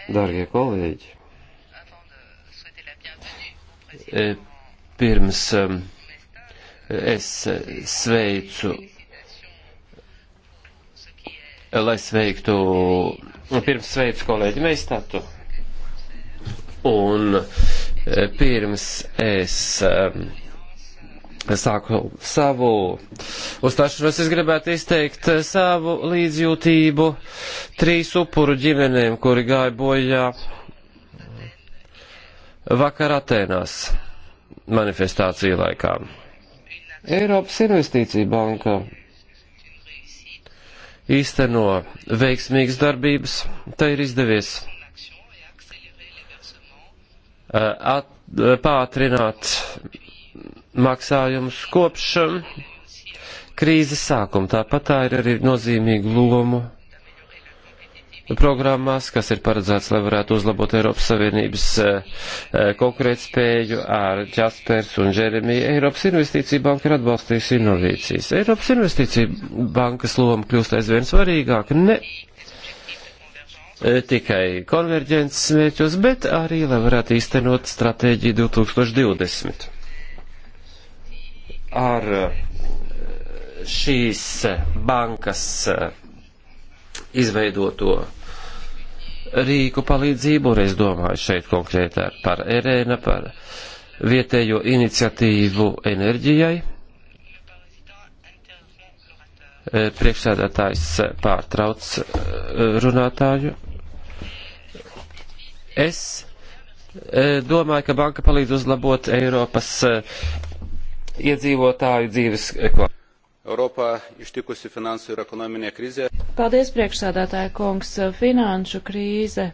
Dargie kolēģi, e, pirms um, es sveicu, lai sveiktu, pirms sveicu kolēģi Meistatu. Un eh, pirms es eh, sāku savu uzstāšanos, es gribētu izteikt eh, savu līdzjūtību trīs upuru ģimenēm, kuri gāja bojā vakar Atēnās manifestāciju laikā. Eiropas Investīcija banka īsteno veiksmīgas darbības, tai ir izdevies Uh, at, uh, pātrināt maksājumus kopš um, krīzes sākuma. Tāpat tā ir arī nozīmīga loma programmās, kas ir paredzēts, lai varētu uzlabot Eiropas Savienības uh, konkurētspēju ar Jaspers un Jeremiju. Eiropas Investīcija banka ir atbalstījusi inovācijas. Eiropas Investīcija bankas loma kļūst aizvien svarīgāka ne E, tikai konverģences mērķos, bet arī, lai varētu īstenot stratēģiju 2020. Ar e, šīs bankas e, izveidoto rīku palīdzību, un es domāju šeit konkrēti par Erēna, par vietējo iniciatīvu enerģijai. Priekšsēdētājs pārtrauc runātāju. Es e, domāju, ka banka palīdz uzlabot Eiropas e, iedzīvotāju dzīves kvalitāti. Eiropā ištikusi finansu ir ekonominė krizė.
Paldies, priekšsādātāja kungs. Finanšu krīze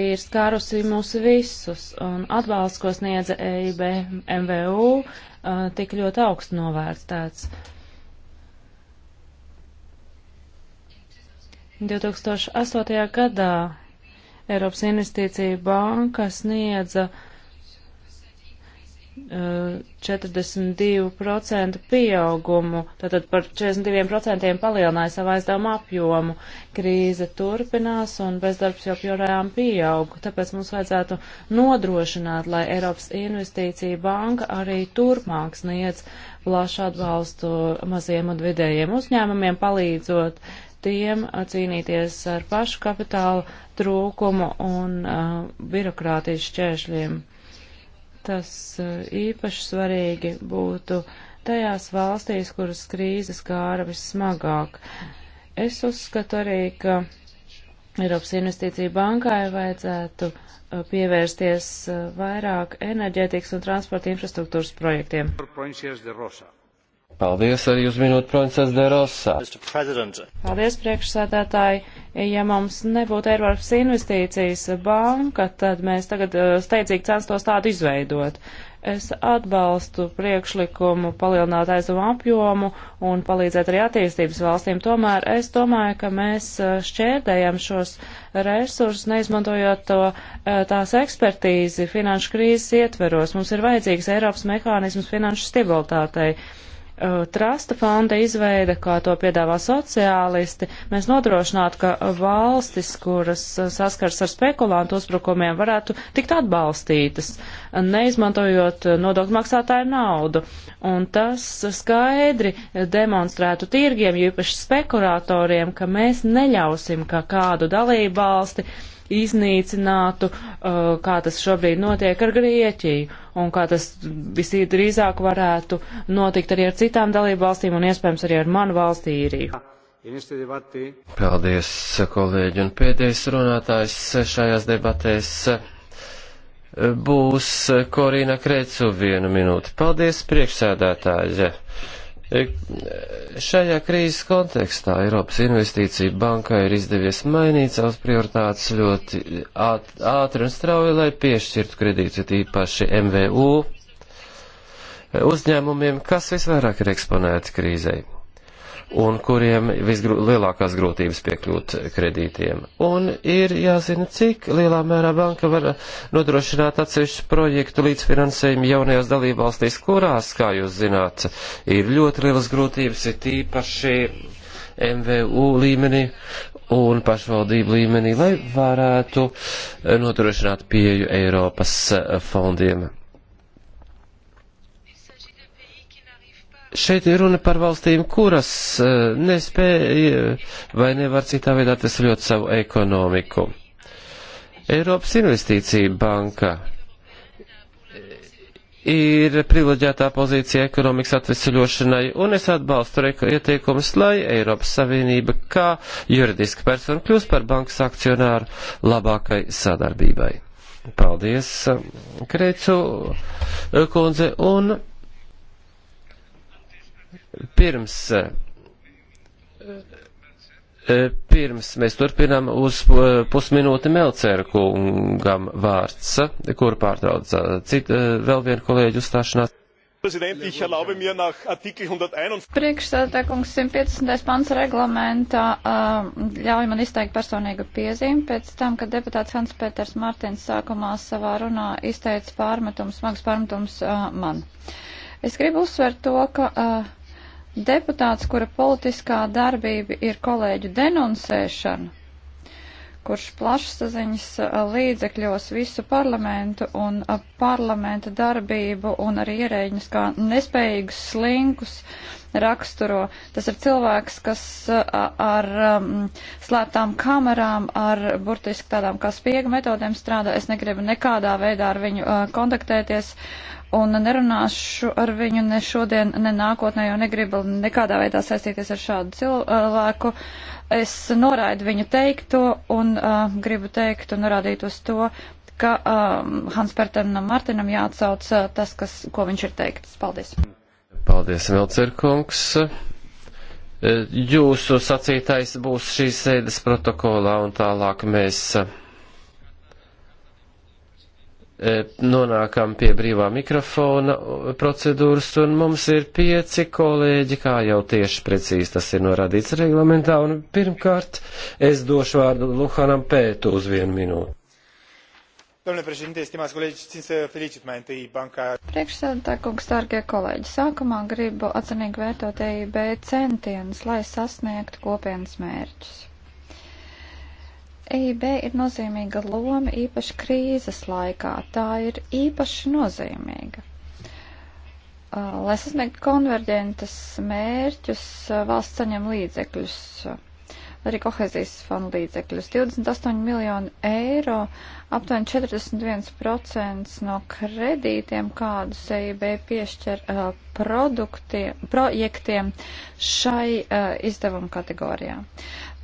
ir skārusi mūs visus, un atbalsts, ko sniedza EIB MVU, e, tik ļoti augstu novērtēts. 2008. gadā Eiropas investīcija banka sniedza 42% uh, pieaugumu, tātad par 42% palielināja savu aizdevumu apjomu. Krīze turpinās un bezdarbs joprojām pieaug, tāpēc mums vajadzētu nodrošināt, lai Eiropas investīcija banka arī turpmāk sniedz plašu atbalstu maziem un vidējiem uzņēmumiem, palīdzot uh, tiem cīnīties ar pašu kapitālu trūkumu un uh, birokrātijas šķēršļiem. Tas uh, īpaši svarīgi būtu tajās valstīs, kuras krīzes kāra vissmagāk. Es uzskatu arī, ka Eiropas investīcija bankai vajadzētu uh, pievērsties uh, vairāk enerģētikas un transporta infrastruktūras projektiem.
Provincijas de Rosa. Paldies arī uz minūtu, Pronces de Rosa. Paldies,
priekšsēdētāji. Ja mums nebūtu Eiropas investīcijas banka, tad mēs tagad eh, steidzīgi censtos tādu izveidot. Es atbalstu priekšlikumu palielināt aizdevumu apjomu un palīdzēt arī attīstības valstīm. Tomēr es domāju, ka mēs eh, šķērdējam šos resursus, neizmantojot to eh, tās ekspertīzi finanšu krīzes ietveros. Mums ir vajadzīgs Eiropas mehānisms finanšu stabilitātei Uh, trasta fonda izveida, kā to piedāvā sociālisti, mēs nodrošinātu, ka valstis, kuras uh, saskars ar spekulantu uzbrukumiem, varētu tikt atbalstītas, neizmantojot uh, nodokļu maksātāju naudu. Un tas skaidri demonstrētu tirgiem, jo īpaši spekulatoriem, ka mēs neļausim, ka kādu dalību valsti iznīcinātu, uh, kā tas šobrīd notiek ar Grieķiju, un kā tas visdrīzāk varētu notikt arī ar citām dalību valstīm un iespējams arī ar manu valsti īriju.
Paldies, kolēģi, un pēdējais runātājs šajās debatēs uh, būs Korīna Krecu vienu minūti. Paldies, priekšsēdētāji! E, šajā krīzes kontekstā Eiropas Investīcija bankai ir izdevies mainīt savas prioritātes ļoti ātri un strauji, lai piešķirtu kredītu tīpaši MVU uzņēmumiem, kas visvairāk ir eksponēti krīzei un kuriem vislielākās grūtības piekļūt kredītiem. Un ir jāzina, cik lielā mērā banka var nodrošināt atsevišķu projektu līdzfinansējumu jaunajās dalībvalstīs, kurās, kā jūs zināt, ir ļoti lielas grūtības, ir tīpaši MVU līmenī un pašvaldību līmenī, lai varētu nodrošināt pieju Eiropas fondiem Šeit ir runa par valstīm, kuras eh, nespēja vai nevar citā veidā atvesļot savu ekonomiku. Eiropas investīcija banka ir privileģētā pozīcija ekonomikas atvesaļošanai, un es atbalstu ieteikumus, lai Eiropas Savienība kā juridiska persona kļūst par bankas akcionāru labākai sadarbībai. Paldies, Kreicu eh, kundze, un Pirms, eh, eh, pirms mēs turpinām uz eh, pusminūti Melcēra kungam vārds, kur pārtrauc cit, vēl vienu kolēģu uzstāšanās.
Priekšsēdētājs 150. pants reglamentā ļauj man izteikt personīgu piezīmi pēc tam, kad deputāts Hans Peters Martins sākumā savā runā izteica pārmetums, smags pārmetums man. Es gribu uzsvert to, ka uh, Deputāts, kura politiskā darbība ir kolēģu denunsēšana, kurš plašsaziņas līdzekļos visu parlamentu un parlamenta darbību un arī ierēģinus kā nespējīgus slinkus raksturo. Tas ir cilvēks, kas ar um, slēptām kamerām, ar burtiski tādām kā spiega metodēm strādā. Es negribu nekādā veidā ar viņu uh, kontaktēties. Uh, un nerunāšu ar viņu ne šodien, ne nākotnē, jo negribu nekādā veidā saistīties ar šādu cilvēku. Es noraidu viņu teikto un uh, gribu teikt un norādīt uz to, ka um, uh, Hans Pertenam Martinam jāatsauc uh, tas, kas, ko viņš ir teikts. Paldies.
Paldies, Vilcerkungs. Uh, jūsu sacītais būs šīs sēdes protokolā un tālāk mēs. Uh, E, nonākam pie brīvā mikrofona procedūras, un mums ir pieci kolēģi, kā jau tieši precīzi tas ir norādīts reglamentā, un pirmkārt es došu vārdu Luhanam Pētu uz vienu minūti.
Priekšsēdētā kungs, dārgie kolēģi, sākumā gribu atzinīgi vērtot EIB centienus, lai sasniegtu kopienas mērķus. EIB ir nozīmīga loma īpaši krīzes laikā. Tā ir īpaši nozīmīga. Lai sasniegtu konverģentas mērķus, valsts saņem līdzekļus, arī kohezijas fonda līdzekļus. 28 miljonu eiro, aptuveni 41% no kredītiem, kādus EIB piešķir projektiem šai izdevuma kategorijā.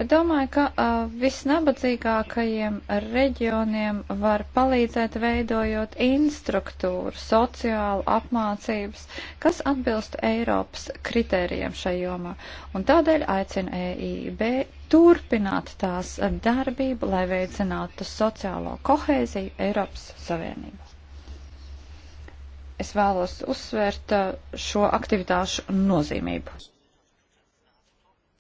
Domāju, ka uh, visnabadzīgākajiem reģioniem var palīdzēt veidojot instruktūru, sociālu apmācības, kas atbilst Eiropas kritērijiem šai jomā. Un tādēļ aicinu EIB turpināt tās darbību, lai veicinātu sociālo kohēziju Eiropas Savienībā. Es vēlos uzsvērt šo aktivitāšu nozīmību.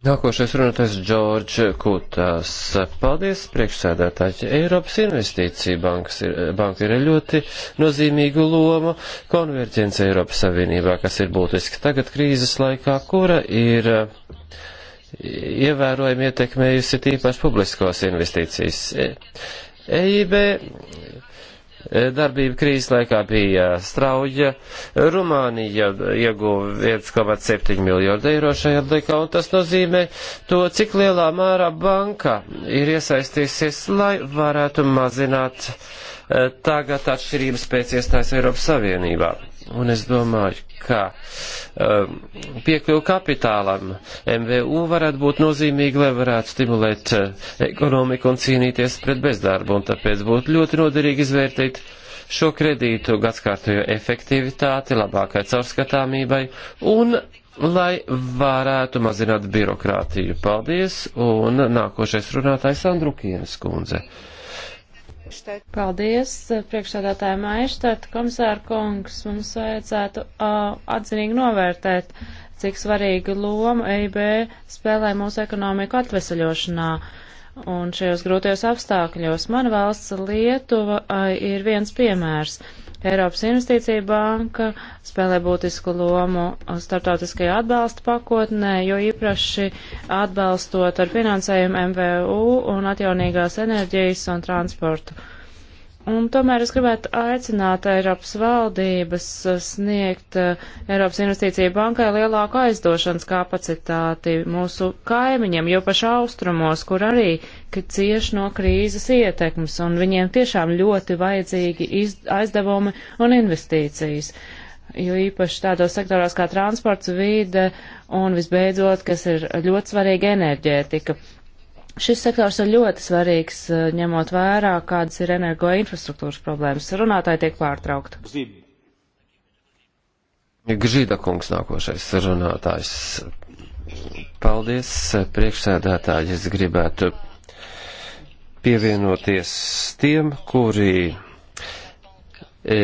Nākošais runātais Džordž Kutas. Paldies, priekšsēdētāji. Eiropas investīcija bankas ir, banka ir ļoti nozīmīgu lomu konverģence Eiropas Savienībā, kas ir būtiski tagad krīzes laikā, kura ir eh, ievērojami ietekmējusi tīpaši publiskos investīcijas. EIB e Darbība krīzes laikā bija strauja. Rumānija ieguva 1,7 miljardu eiro šajā laikā, un tas nozīmē to, cik lielā mērā banka ir iesaistīsies, lai varētu mazināt eh, tagad atšķirības pēc iestājas Eiropas Savienībā. Un es domāju, ka um, piekļuvu kapitālam MVU varētu būt nozīmīgi, lai varētu stimulēt uh, ekonomiku un cīnīties pret bezdarbu. Un tāpēc būtu ļoti noderīgi izvērtīt šo kredītu gadskārtojo efektivitāti, labākai caurskatāmībai un lai varētu mazināt birokrātiju. Paldies! Un nākošais runātājs Andrukienes kundze. Uh,
Paldies, priekšsādātāja Maištēta, komisāra kungs. Mums vajadzētu uh, atzinīgi novērtēt, cik svarīga loma EIB spēlē mūsu ekonomiku atvesaļošanā. Un šajos grūtajos apstākļos mana valsts Lietuva uh, ir viens piemērs. Uh, Eiropas Investīcija banka spēlē būtisku lomu starptautiskajā atbalsta pakotnē, jo īpaši atbalstot ar finansējumu MVU un atjaunīgās enerģijas un transportu. Uh, Un tomēr es gribētu aicināt Eiropas valdības uh, sniegt uh, Eiropas investīcija bankai lielāku aizdošanas kapacitāti mūsu kaimiņiem, jo paši austrumos, kur arī cieš no krīzes ietekmes, un viņiem tiešām ļoti vajadzīgi aizdevumi un investīcijas. Jo īpaši tādos sektoros kā transports, vīde un visbeidzot, kas ir ļoti svarīga enerģētika. Šis sektors ir ļoti svarīgs, eh, ņemot vērā, kādas ir energoinfrastruktūras problēmas. Runātāji tiek pārtraukti.
Gžīda kungs nākošais runātājs. Paldies, priekšsēdētāji. Es gribētu pievienoties tiem, kuri, e,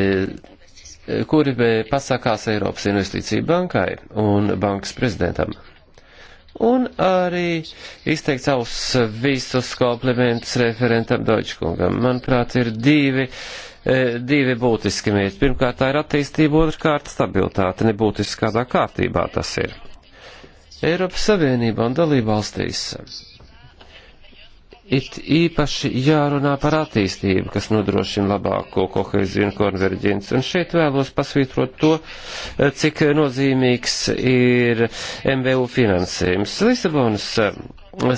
kuri e, pasakās Eiropas Investīcija bankai un bankas prezidentam un arī izteikt savus visus komplimentus referentam Deutschkungam. Manuprāt, ir divi, e, divi būtiski mērķi. Pirmkārt, tā ir attīstība, otrkārt, stabilitāte. Nebūtiski kādā kārtībā tas ir. Eiropas Savienībā un dalībvalstīs It īpaši jārunā par attīstību, kas nodrošina labāko koheziju un konverģenci. Un šeit vēlos pasvītrot to, cik nozīmīgs ir MVU finansējums. Lisabonas eh,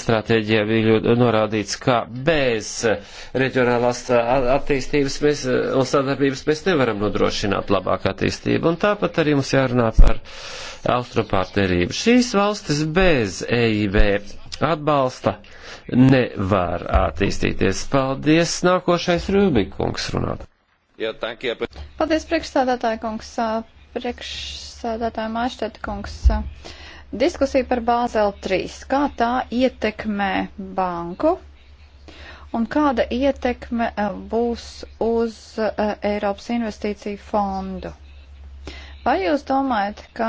stratēģijā bija ļoti norādīts, ka bez reģionālās eh, attīstības mēs, eh, un sadarbības mēs nevaram nodrošināt labāku attīstību. Un tāpat arī mums jārunā par austrumpārterību. Šīs valstis bez EIB atbalsta nevar attīstīties. Paldies, nākošais Rūbikungs runāt. Jā, tankie.
Paldies, priekšstādātāja kungs, priekšstādātāja Maištēta kungs. Diskusija par Bāzeli 3. Kā tā ietekmē banku un kāda ietekme būs uz Eiropas investīciju fondu? Vai jūs domājat, ka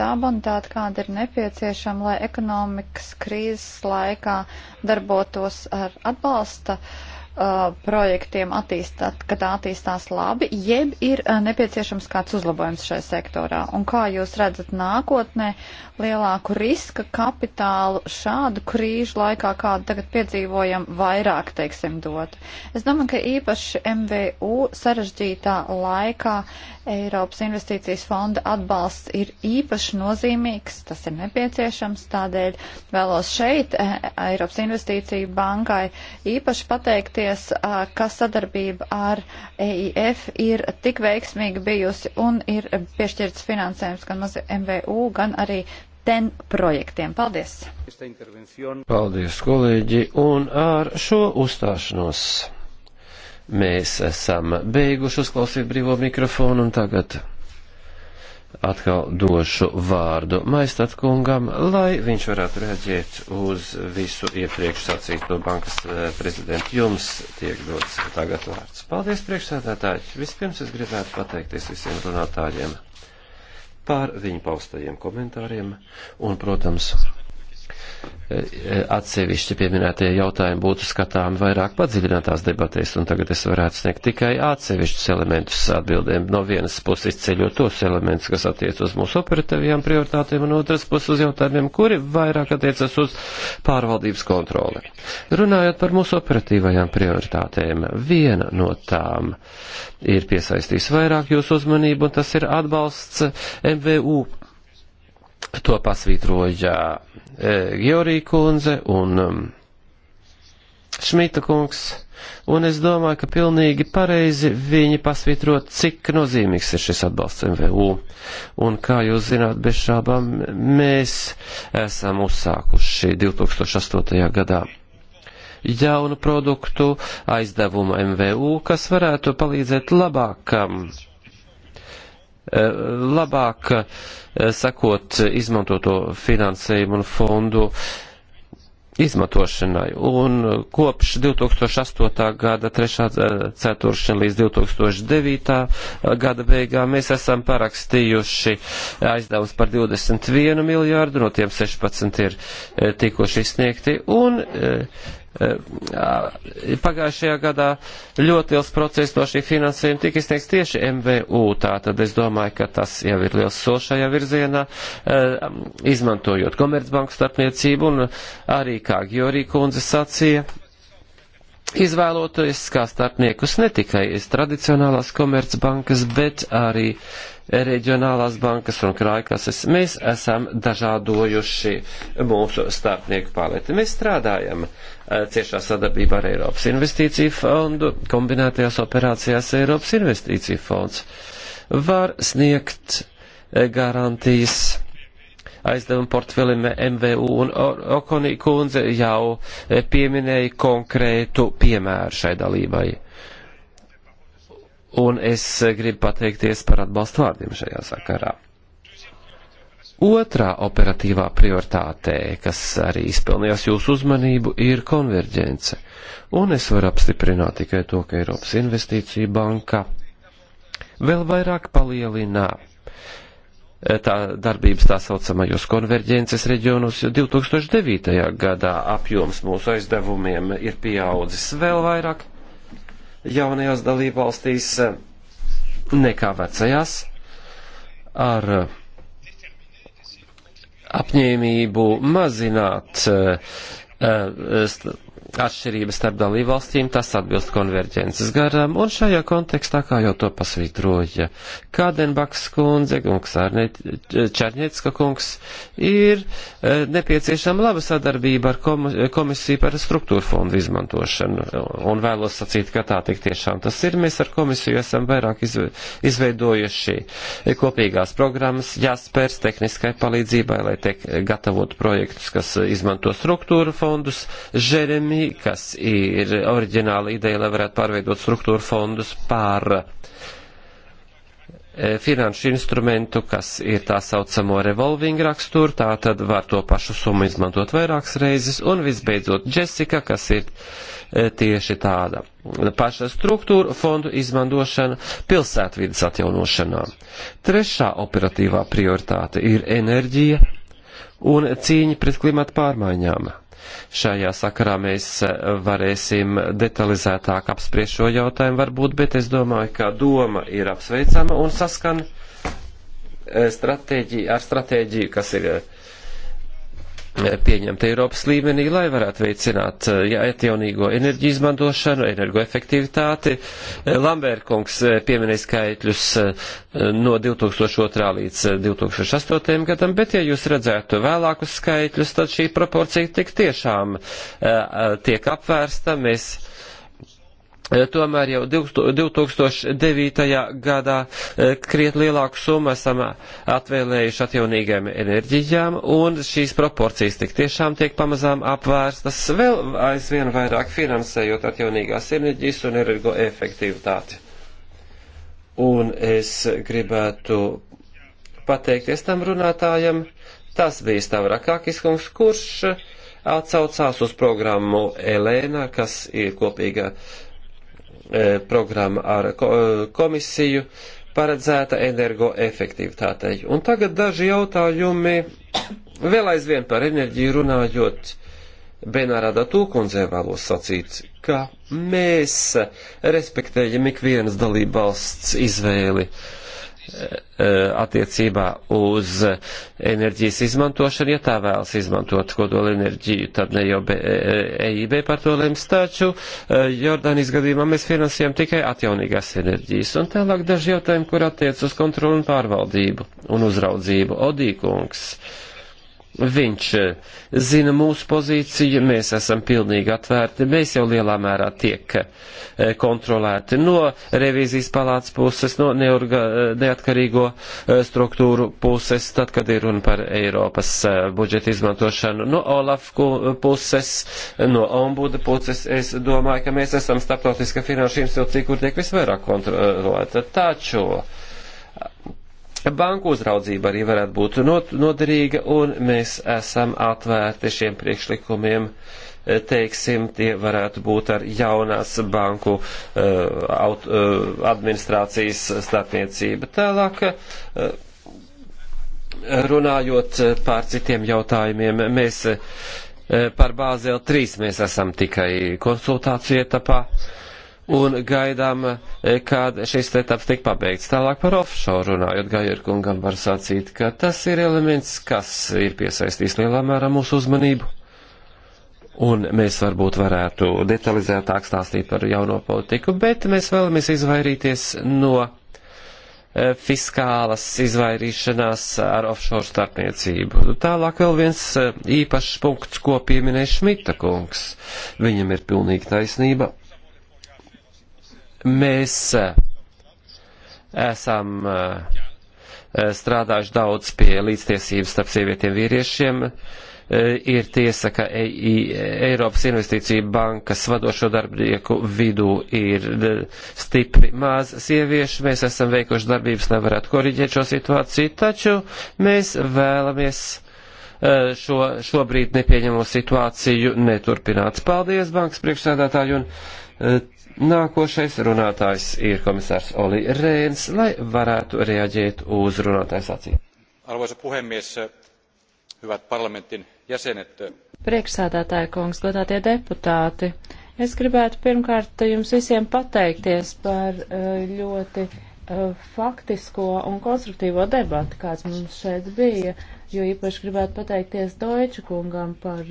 tā bonitāte, kāda ir nepieciešama, lai ekonomikas krīzes laikā darbotos ar atbalsta uh, uh, projektiem attīstāt, ka tā attīstās labi, jeb ir uh, nepieciešams kāds uzlabojums šajā sektorā? Un kā jūs redzat nākotnē lielāku riska kapitālu šādu krīžu laikā, kādu tagad piedzīvojam, vairāk, teiksim, dot? Es domāju, ka īpaši MVU sarežģītā laikā Eiropas investīcijas fonda atbalsts ir īpaši nozīmīgs, tas ir nepieciešams, tādēļ vēlos šeit eh, Eiropas investīciju bankai īpaši pateikties, paldies, ka sadarbība ar EIF ir tik veiksmīga bijusi un ir piešķirts finansējums gan MVU, gan arī TEN projektiem. Paldies!
Paldies, kolēģi! Un ar šo uzstāšanos mēs esam beiguši uzklausīt brīvo mikrofonu un tagad atkal došu vārdu maistat kungam, lai viņš varētu reaģēt uz visu iepriekš sacīto bankas eh, prezidentu. Jums tiek dots tagad vārds. Paldies, priekšsēdētāji! Vispirms es gribētu pateikties visiem runātājiem par viņu paustajiem komentāriem un, protams, Eh, atsevišķi pieminētie jautājumi būtu skatāmi vairāk padziļinātās debatēs, un tagad es varētu sniegt tikai atsevišķus elementus atbildēm. No vienas puses izceļot tos elementus, kas attiec uz mūsu operatīvajām prioritātēm, un otras puses uz jautājumiem, kuri vairāk attiecas uz pārvaldības kontroli. Runājot par mūsu operatīvajām prioritātēm, viena no tām ir piesaistījis vairāk jūsu uzmanību, un tas ir atbalsts MVU to pasvītroja E, Georgija kundze un um, Šmita kungs, un es domāju, ka pilnīgi pareizi viņi pasvitro, cik nozīmīgs ir šis atbalsts MVU. Un kā jūs zināt, bez šābām mēs esam uzsākuši 2008. gadā jaunu produktu aizdevumu MVU, kas varētu palīdzēt labākam. Um, Eh, labāk eh, sakot izmantoto finansējumu un fondu izmantošanai. Un eh, kopš 2008. gada 3. ceturkšņa līdz 2009. gada beigām mēs esam parakstījuši aizdevums par 21 miljārdu, no tiem 16 ir tikuši izsniegti. Un, Eh, pagājušajā gadā ļoti liels procents no šī finansējuma tika izsniegts tieši MVU, tātad es domāju, ka tas jau ir liels solis šajā virzienā, eh, izmantojot Komercbanku starpniecību un arī, kā Gjorī kundze sacīja, izvēloties kā starpniekus ne tikai tradicionālās komercbankas, bet arī reģionālās bankas un krājkases. Mēs esam dažādojuši mūsu starpnieku paleti. Mēs strādājam eh, ciešā sadarbībā ar Eiropas investīciju fondu, kombinētajās operācijās Eiropas investīciju fonds var sniegt eh, garantijas aizdevumu portfelim MVU un Okonī kundze jau e, pieminēja konkrētu piemēru šai dalībai. Un es e, gribu pateikties par atbalstu vārdiem šajā sakarā. Otrā operatīvā prioritāte, kas arī izpelnījās jūsu uzmanību, ir konverģence. Un es varu apstiprināt tikai to, ka Eiropas Investīcija banka vēl vairāk palielina Eh, tā darbības tā saucamajos konverģences reģionos, jo 2009. gadā apjoms mūsu aizdevumiem ir pieaudzis vēl vairāk jaunajās dalībvalstīs eh, nekā vecajās ar eh, apņēmību mazināt uh, uh, atšķirības starp dalībvalstīm, tas atbilst konverģences garam, un šajā kontekstā, kā jau to pasvītroja Kādenbaks kundze, kungs Čarņiecka kungs, ir e, nepieciešama laba sadarbība ar komisiju par struktūru fondu izmantošanu, un vēlos sacīt, ka tā tik tiešām tas ir. Mēs ar komisiju esam vairāk izveidojuši e, kopīgās programmas, jāspērs tehniskai palīdzībai, lai tiek gatavot projektus, kas izmanto struktūru fondus, Žeremi līmenī, kas ir oriģināla ideja, lai varētu pārveidot struktūra fondus pār e, finanšu instrumentu, kas ir tā saucamo revolving raksturu, tā tad var to pašu summu izmantot vairākas reizes, un visbeidzot Jessica, kas ir e, tieši tāda paša struktūra fondu izmantošana pilsētvidas atjaunošanā. Trešā operatīvā prioritāte ir enerģija un cīņa pret klimatu pārmaiņām. Šajā sakarā mēs eh, varēsim detalizētāk apspriest šo jautājumu varbūt, bet es domāju, ka doma ir apsveicama un saskana eh, stratēģija, ar stratēģiju, kas ir uh, pieņemta Eiropas līmenī, lai varētu veicināt eh, ja, atjaunīgo enerģiju izmantošanu, energoefektivitāti. Eh, Lambērkungs eh, pieminēja skaitļus no 2002 līdz 2008 gadam, bet ja jūs redzētu vēlākus skaitļus, tad šī proporcija tik tiešām tiek apvērsta. Mēs Eh, tomēr jau 2009. gadā eh, kriet lielāku summu esam atvēlējuši atjaunīgiem enerģijām, un šīs proporcijas tik tiešām tiek pamazām apvērstas vēl aizvien vairāk finansējot atjaunīgās enerģijas un energoefektivitāti. Un es gribētu pateikties tam runātājam, tas bija Stavrakakis kungs, kurš eh, atsaucās uz programmu Elēna, kas ir kopīga uh, E, programma ar e, komisiju paredzēta energoefektivitātei. Un tagad daži jautājumi vēl aizvien par enerģiju runājot. Benārādā tūkundzē vēlos sacīt, ka mēs respektējam ikvienas dalībvalsts izvēli uh, Eh, eh, attiecībā uz enerģijas izmantošanu, ja tā vēlas izmantot kodola enerģiju, tad ne jau EIB eh, e par to lems, taču Jordānijas gadījumā mēs finansējam tikai atjaunīgās enerģijas. Un tālāk daži jautājumi, kur attiec uz kontrolu un pārvaldību un uzraudzību. Odīkungs. Uh, Viņš eh, zina mūsu pozīciju, mēs esam pilnīgi atvērti, mēs jau lielā mērā tiek eh, kontrolēti no revīzijas palātas puses, no neorga, eh, neatkarīgo struktūru puses, tad, kad ir runa par Eiropas budžeta izmantošanu, no Olaf puses, no ombuda puses. Es domāju, ka mēs esam starptautiska finanšu institūcija, kur tiek visvairāk kontrolēta. Taču Banku uzraudzība arī varētu būt noderīga, un mēs esam atvērti šiem priekšlikumiem. E, teiksim, tie varētu būt ar jaunās banku uh, aut, uh, administrācijas starpniecība. Tālāk, uh, runājot par citiem jautājumiem, mēs uh, par Bāzeli 3 mēs esam tikai konsultāciju etapā. Uh, un gaidām, eh, kad šis etaps tik pabeigts. Tālāk par offshore runājot, Gajerkungam var sacīt, ka tas ir elements, kas ir piesaistījis lielā mērā mūsu uzmanību. Un mēs varbūt varētu detalizētāk stāstīt par jauno politiku, bet mēs vēlamies izvairīties no eh, fiskālas izvairīšanās ar offshore starpniecību. Tālāk vēl viens eh, īpašs punkts, ko pieminēja Šmita kungs. Viņam ir pilnīga taisnība. Mēs eh, esam eh, strādājuši daudz pie līdztiesības starp sievietiem vīriešiem. Eh, ir tiesa, ka e Eiropas investīcija bankas vadošo darbinieku vidū ir stipri maz sieviešu. Mēs esam veikuši darbības, nevarētu koriģēt šo situāciju, taču mēs vēlamies šo šobrīd nepieņemo situāciju neturpināts. Paldies, bankas priekšsēdētāji, un Eh, nākošais runātājs ir komisārs Oli Rēns, lai varētu reaģēt uz runātājs acīm. Arvoisa puhemies, eh, hyvät parlamentin jäsenet. Eh,
Priekšsēdētāja kungs, godātie deputāti, es gribētu pirmkārt jums visiem pateikties par ļoti faktisko un konstruktīvo debatu, kāds mums šeit bija, jo īpaši gribētu pateikties Deutsche kungam par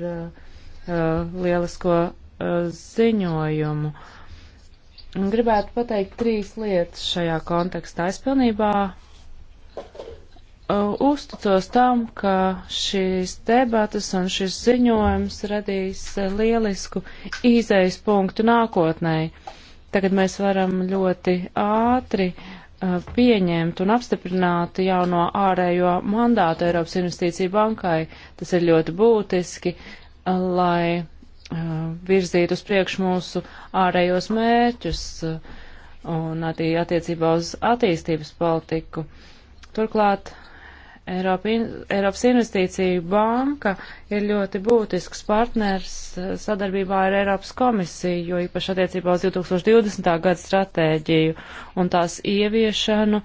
lielisko Eh, ziņojumu. Gribētu pateikt trīs lietas šajā kontekstā. Es pilnībā eh, uzticos tam, ka šīs debatas un šis ziņojums radīs eh, lielisku īzējas punktu nākotnēji. Tagad mēs varam ļoti ātri uh, pieņemt un apstiprināt jauno ārējo mandātu Eiropas Investīciju bankai. Tas ir ļoti būtiski, lai virzīt uz priekšu mūsu ārējos mērķus un arī attiecībā uz attīstības politiku. Turklāt Eiropa, Eiropas investīcija banka ir ļoti būtisks partners sadarbībā ar Eiropas komisiju, jo īpaši attiecībā uz 2020. gada stratēģiju un tās ieviešanu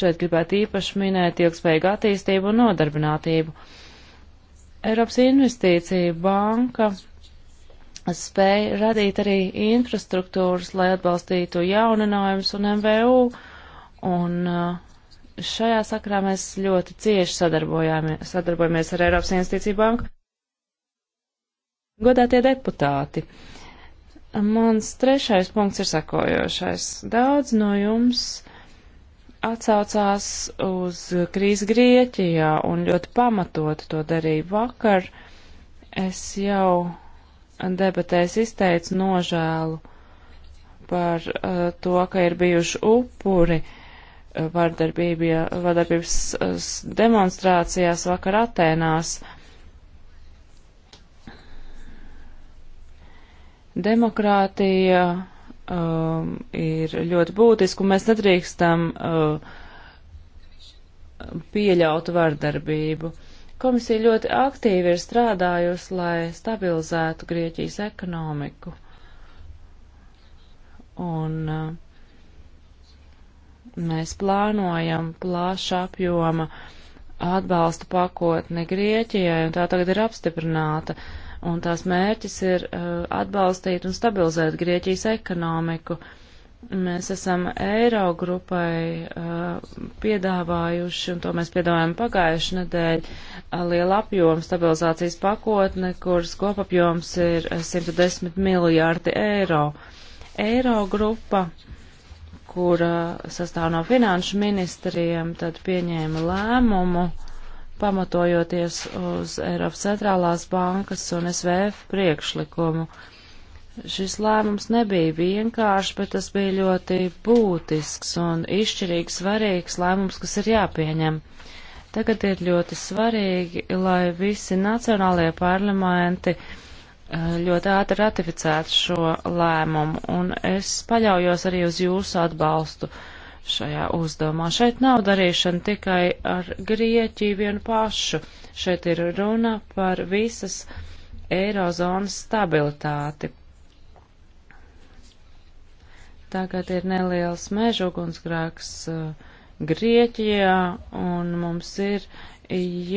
šeit gribētu īpaši minēt ilgspējīgu attīstību un nodarbinātību. Eiropas investīcija banka spēja radīt arī infrastruktūras, lai atbalstītu jauninājumus un MVU. Un uh, šajā sakrā mēs ļoti cieši sadarbojamies ar Eiropas Investīciju banku. Godātie deputāti, mans trešais punkts ir sakojošais. Daudz no jums atsaucās uz krīzi Grieķijā un ļoti pamatot to darīju vakar. Es jau debatēs izteicu nožēlu par uh, to, ka ir bijuši upuri uh, vardarbības uh, demonstrācijās vakar Atēnās. Demokrātija um, ir ļoti būtiska, un mēs nedrīkstam uh, pieļaut vardarbību. Uh, Komisija ļoti aktīvi ir strādājusi, lai stabilizētu Grieķijas ekonomiku. Un uh, mēs plānojam plāša apjoma atbalsta pakotni Grieķijai, un tā tagad ir apstiprināta. Un tās mērķis ir uh, atbalstīt un stabilizēt Grieķijas ekonomiku. Uh, Mēs esam Eiro grupai uh, piedāvājuši, un to mēs piedāvājam pagājuši nedēļ, uh, liela apjoma stabilizācijas pakotne, kuras kopapjoms ir 110 uh, miljārdi eiro. Eiro grupa, kura sastāv no finanšu ministriem, tad pieņēma lēmumu, pamatojoties uz Eiropas centrālās bankas un SVF priekšlikumu. Uh, Šis lēmums nebija vienkāršs, bet tas bija ļoti būtisks un izšķirīgi svarīgs lēmums, kas ir jāpieņem. Tagad ir ļoti svarīgi, lai visi nacionālajie parlamenti eh, ļoti ātri ratificētu šo lēmumu, un es paļaujos arī uz jūsu atbalstu šajā uzdevumā. Šeit nav darīšana tikai ar Grieķiju vienu pašu. Šeit ir runa par visas Eirozonas stabilitāti Tagad ir neliels mežugunsgrāks eh, Grieķijā, un mums ir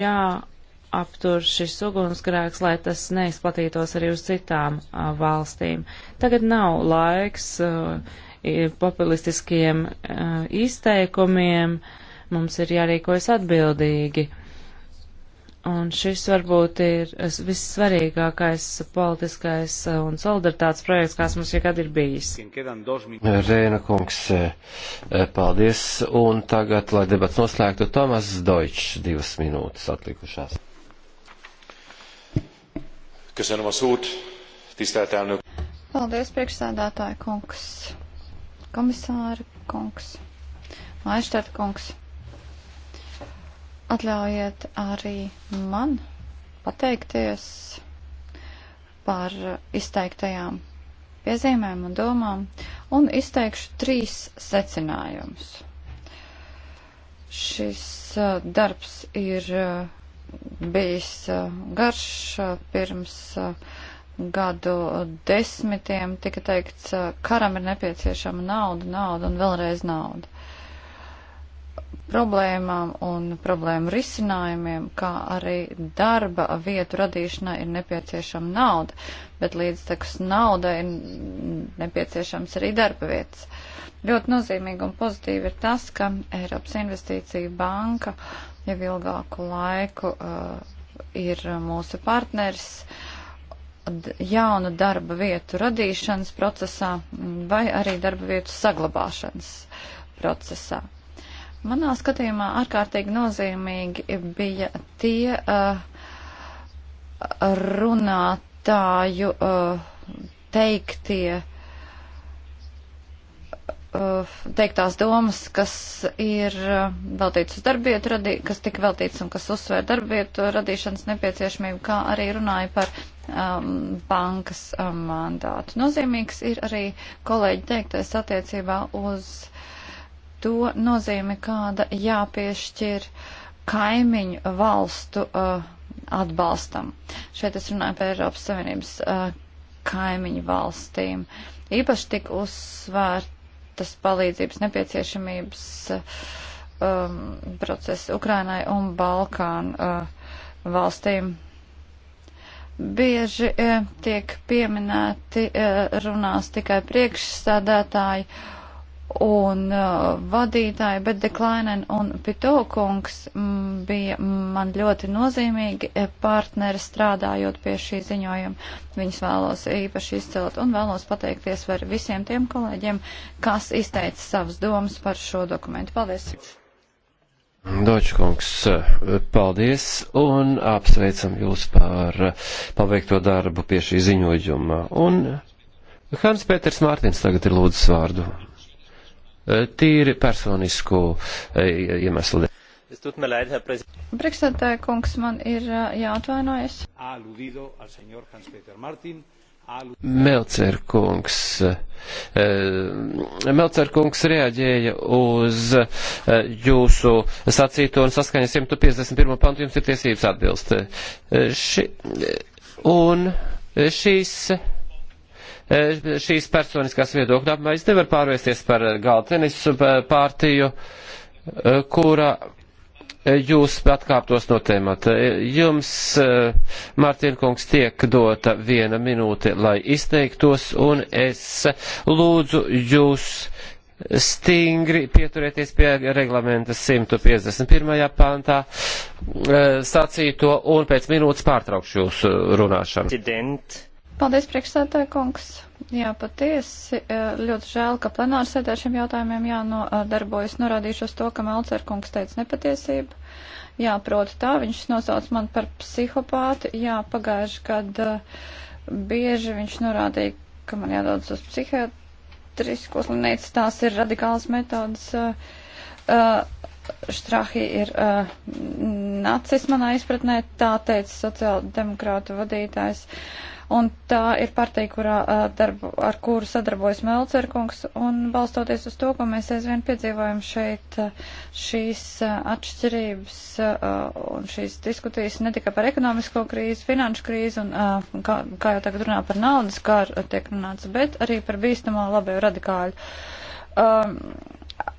jāaptur šis ugunsgrēks, lai tas neizplatītos arī uz citām eh, valstīm. Tagad nav laiks eh, populistiskiem izteikumiem, mums ir jārīkojas atbildīgi Un šis varbūt ir vissvarīgākais politiskais eh, un solidaritātes projekts, kāds mums jebkad ir bijis.
Rēna kungs, eh, eh, paldies. Un tagad, lai debats noslēgtu, Tomas Deutsch divas minūtes atlikušās. Köszönöm a szót, tisztelt elnök.
Paldies, priekšsēdētāja kungs, komisāra kungs, aizstāta kungs. Atļaujiet arī man pateikties par izteiktajām piezīmēm un domām un izteikšu trīs secinājumus. Šis uh, darbs ir uh, bijis uh, garš pirms gadu desmitiem, tika teikts, karam ir nepieciešama nauda, nauda un vēlreiz nauda problēmām un problēmu risinājumiem, kā arī darba vietu radīšanai ir nepieciešama nauda, bet līdz tekus naudai ir nepieciešams arī darba vietas. Ļoti nozīmīgi un pozitīvi ir tas, ka Eiropas investīcija banka jau ilgāku laiku uh, ir mūsu partners jaunu darba vietu radīšanas procesā vai arī darba vietu saglabāšanas procesā. Uh, Manā skatījumā ārkārtīgi nozīmīgi bija tie uh, runātāju uh, teiktie, uh, teiktās domas, kas ir uh, veltīts uz darbietu, radī, kas tika veltīts un kas uzsver darbietu radīšanas nepieciešamību, kā arī runāja par um, bankas um, mandātu. Nozīmīgs ir arī kolēģi teiktais attiecībā uz to nozīmi, kāda jāpiešķir kaimiņu valstu uh, atbalstam. Šeit es runāju par Eiropas Savienības uh, kaimiņu valstīm. Īpaši tika uzsvērtas palīdzības nepieciešamības uh, um, procesi Ukrainai un Balkānu uh, valstīm bieži e, tiek pieminēti e, runās tikai priekšsādātāji un uh, vadītāji, bet Deklainen un Pitokungs m, mm, bija man ļoti nozīmīgi eh, partneri strādājot pie šī ziņojuma. Viņus vēlos īpaši izcelt un vēlos pateikties par visiem tiem kolēģiem, kas izteica savas domas par šo dokumentu. Paldies!
Dočkungs, eh, paldies un apsveicam jūs par eh, paveikto darbu pie šī ziņojuma. Un Hans Pēters Mārtiņš tagad ir lūdzis vārdu. Eh, tīri personisku eh, iemeslu.
Priekšstādāja kungs, man ir eh, jāatvainojas.
Melcer kungs. Melcer kungs reaģēja uz jūsu sacīto un saskaņa 151. pantu jums ir tiesības atbilst. Ši, un šīs E, šīs personiskās viedokļa apmaiņas nevar pārvērsties par galda tenisu pārtiju, e, kura jūs atkāptos no temata. E, jums, Mārtiņa kungs, tiek dota viena minūte, lai izteiktos, un es lūdzu jūs stingri pieturēties pie reglamenta 151. pāntā sacīto, un pēc minūtes pārtraukšu jūsu runāšanu. Incident.
Paldies, priekšsētāja kungs. Jā, patiesi. E, ļoti žēl, ka plenāra sēdē ar šiem jautājumiem jānodarbojas. Norādīšu uz to, ka Melcer kungs teica nepatiesību. Jā, proti tā, viņš nosauc man par psihopātu. Jā, pagājuši, kad e, bieži viņš norādīja, ka man jādodas uz psihiatrisko slimnīcu. Tās ir radikālas metodas. E, Štrahi ir uh, nacis manā izpratnē, tā teica sociāldemokrāta vadītājs. Uh, Un tā ir partija, kurā, darbu, ar kuru sadarbojas Melcerkungs, un balstoties uz to, ko mēs aizvien piedzīvojam šeit, šīs atšķirības un šīs diskutīs ne tikai par ekonomisko krīzi, finanšu krīzi, un kā, kā jau tagad runā par naudas, kā tiek runāts, bet arī par bīstamo labēju radikāļu. Um,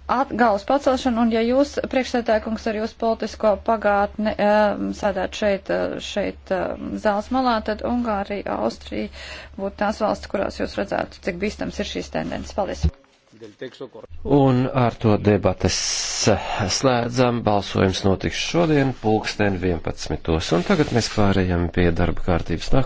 atgals pacelšanu, un ja jūs, priekšsētājkungs, ar jūsu politisko pagātni eh, sēdāt šeit, eh, šeit eh, zāles malā, tad Ungārija, Austrija būtu tās valsts, kurās jūs redzētu, cik bīstams ir šīs tendences. Paldies!
Un ar to debates slēdzam. Balsojums notiks šodien pulksten 11. Un tagad mēs pārējām pie darba kārtības nāk.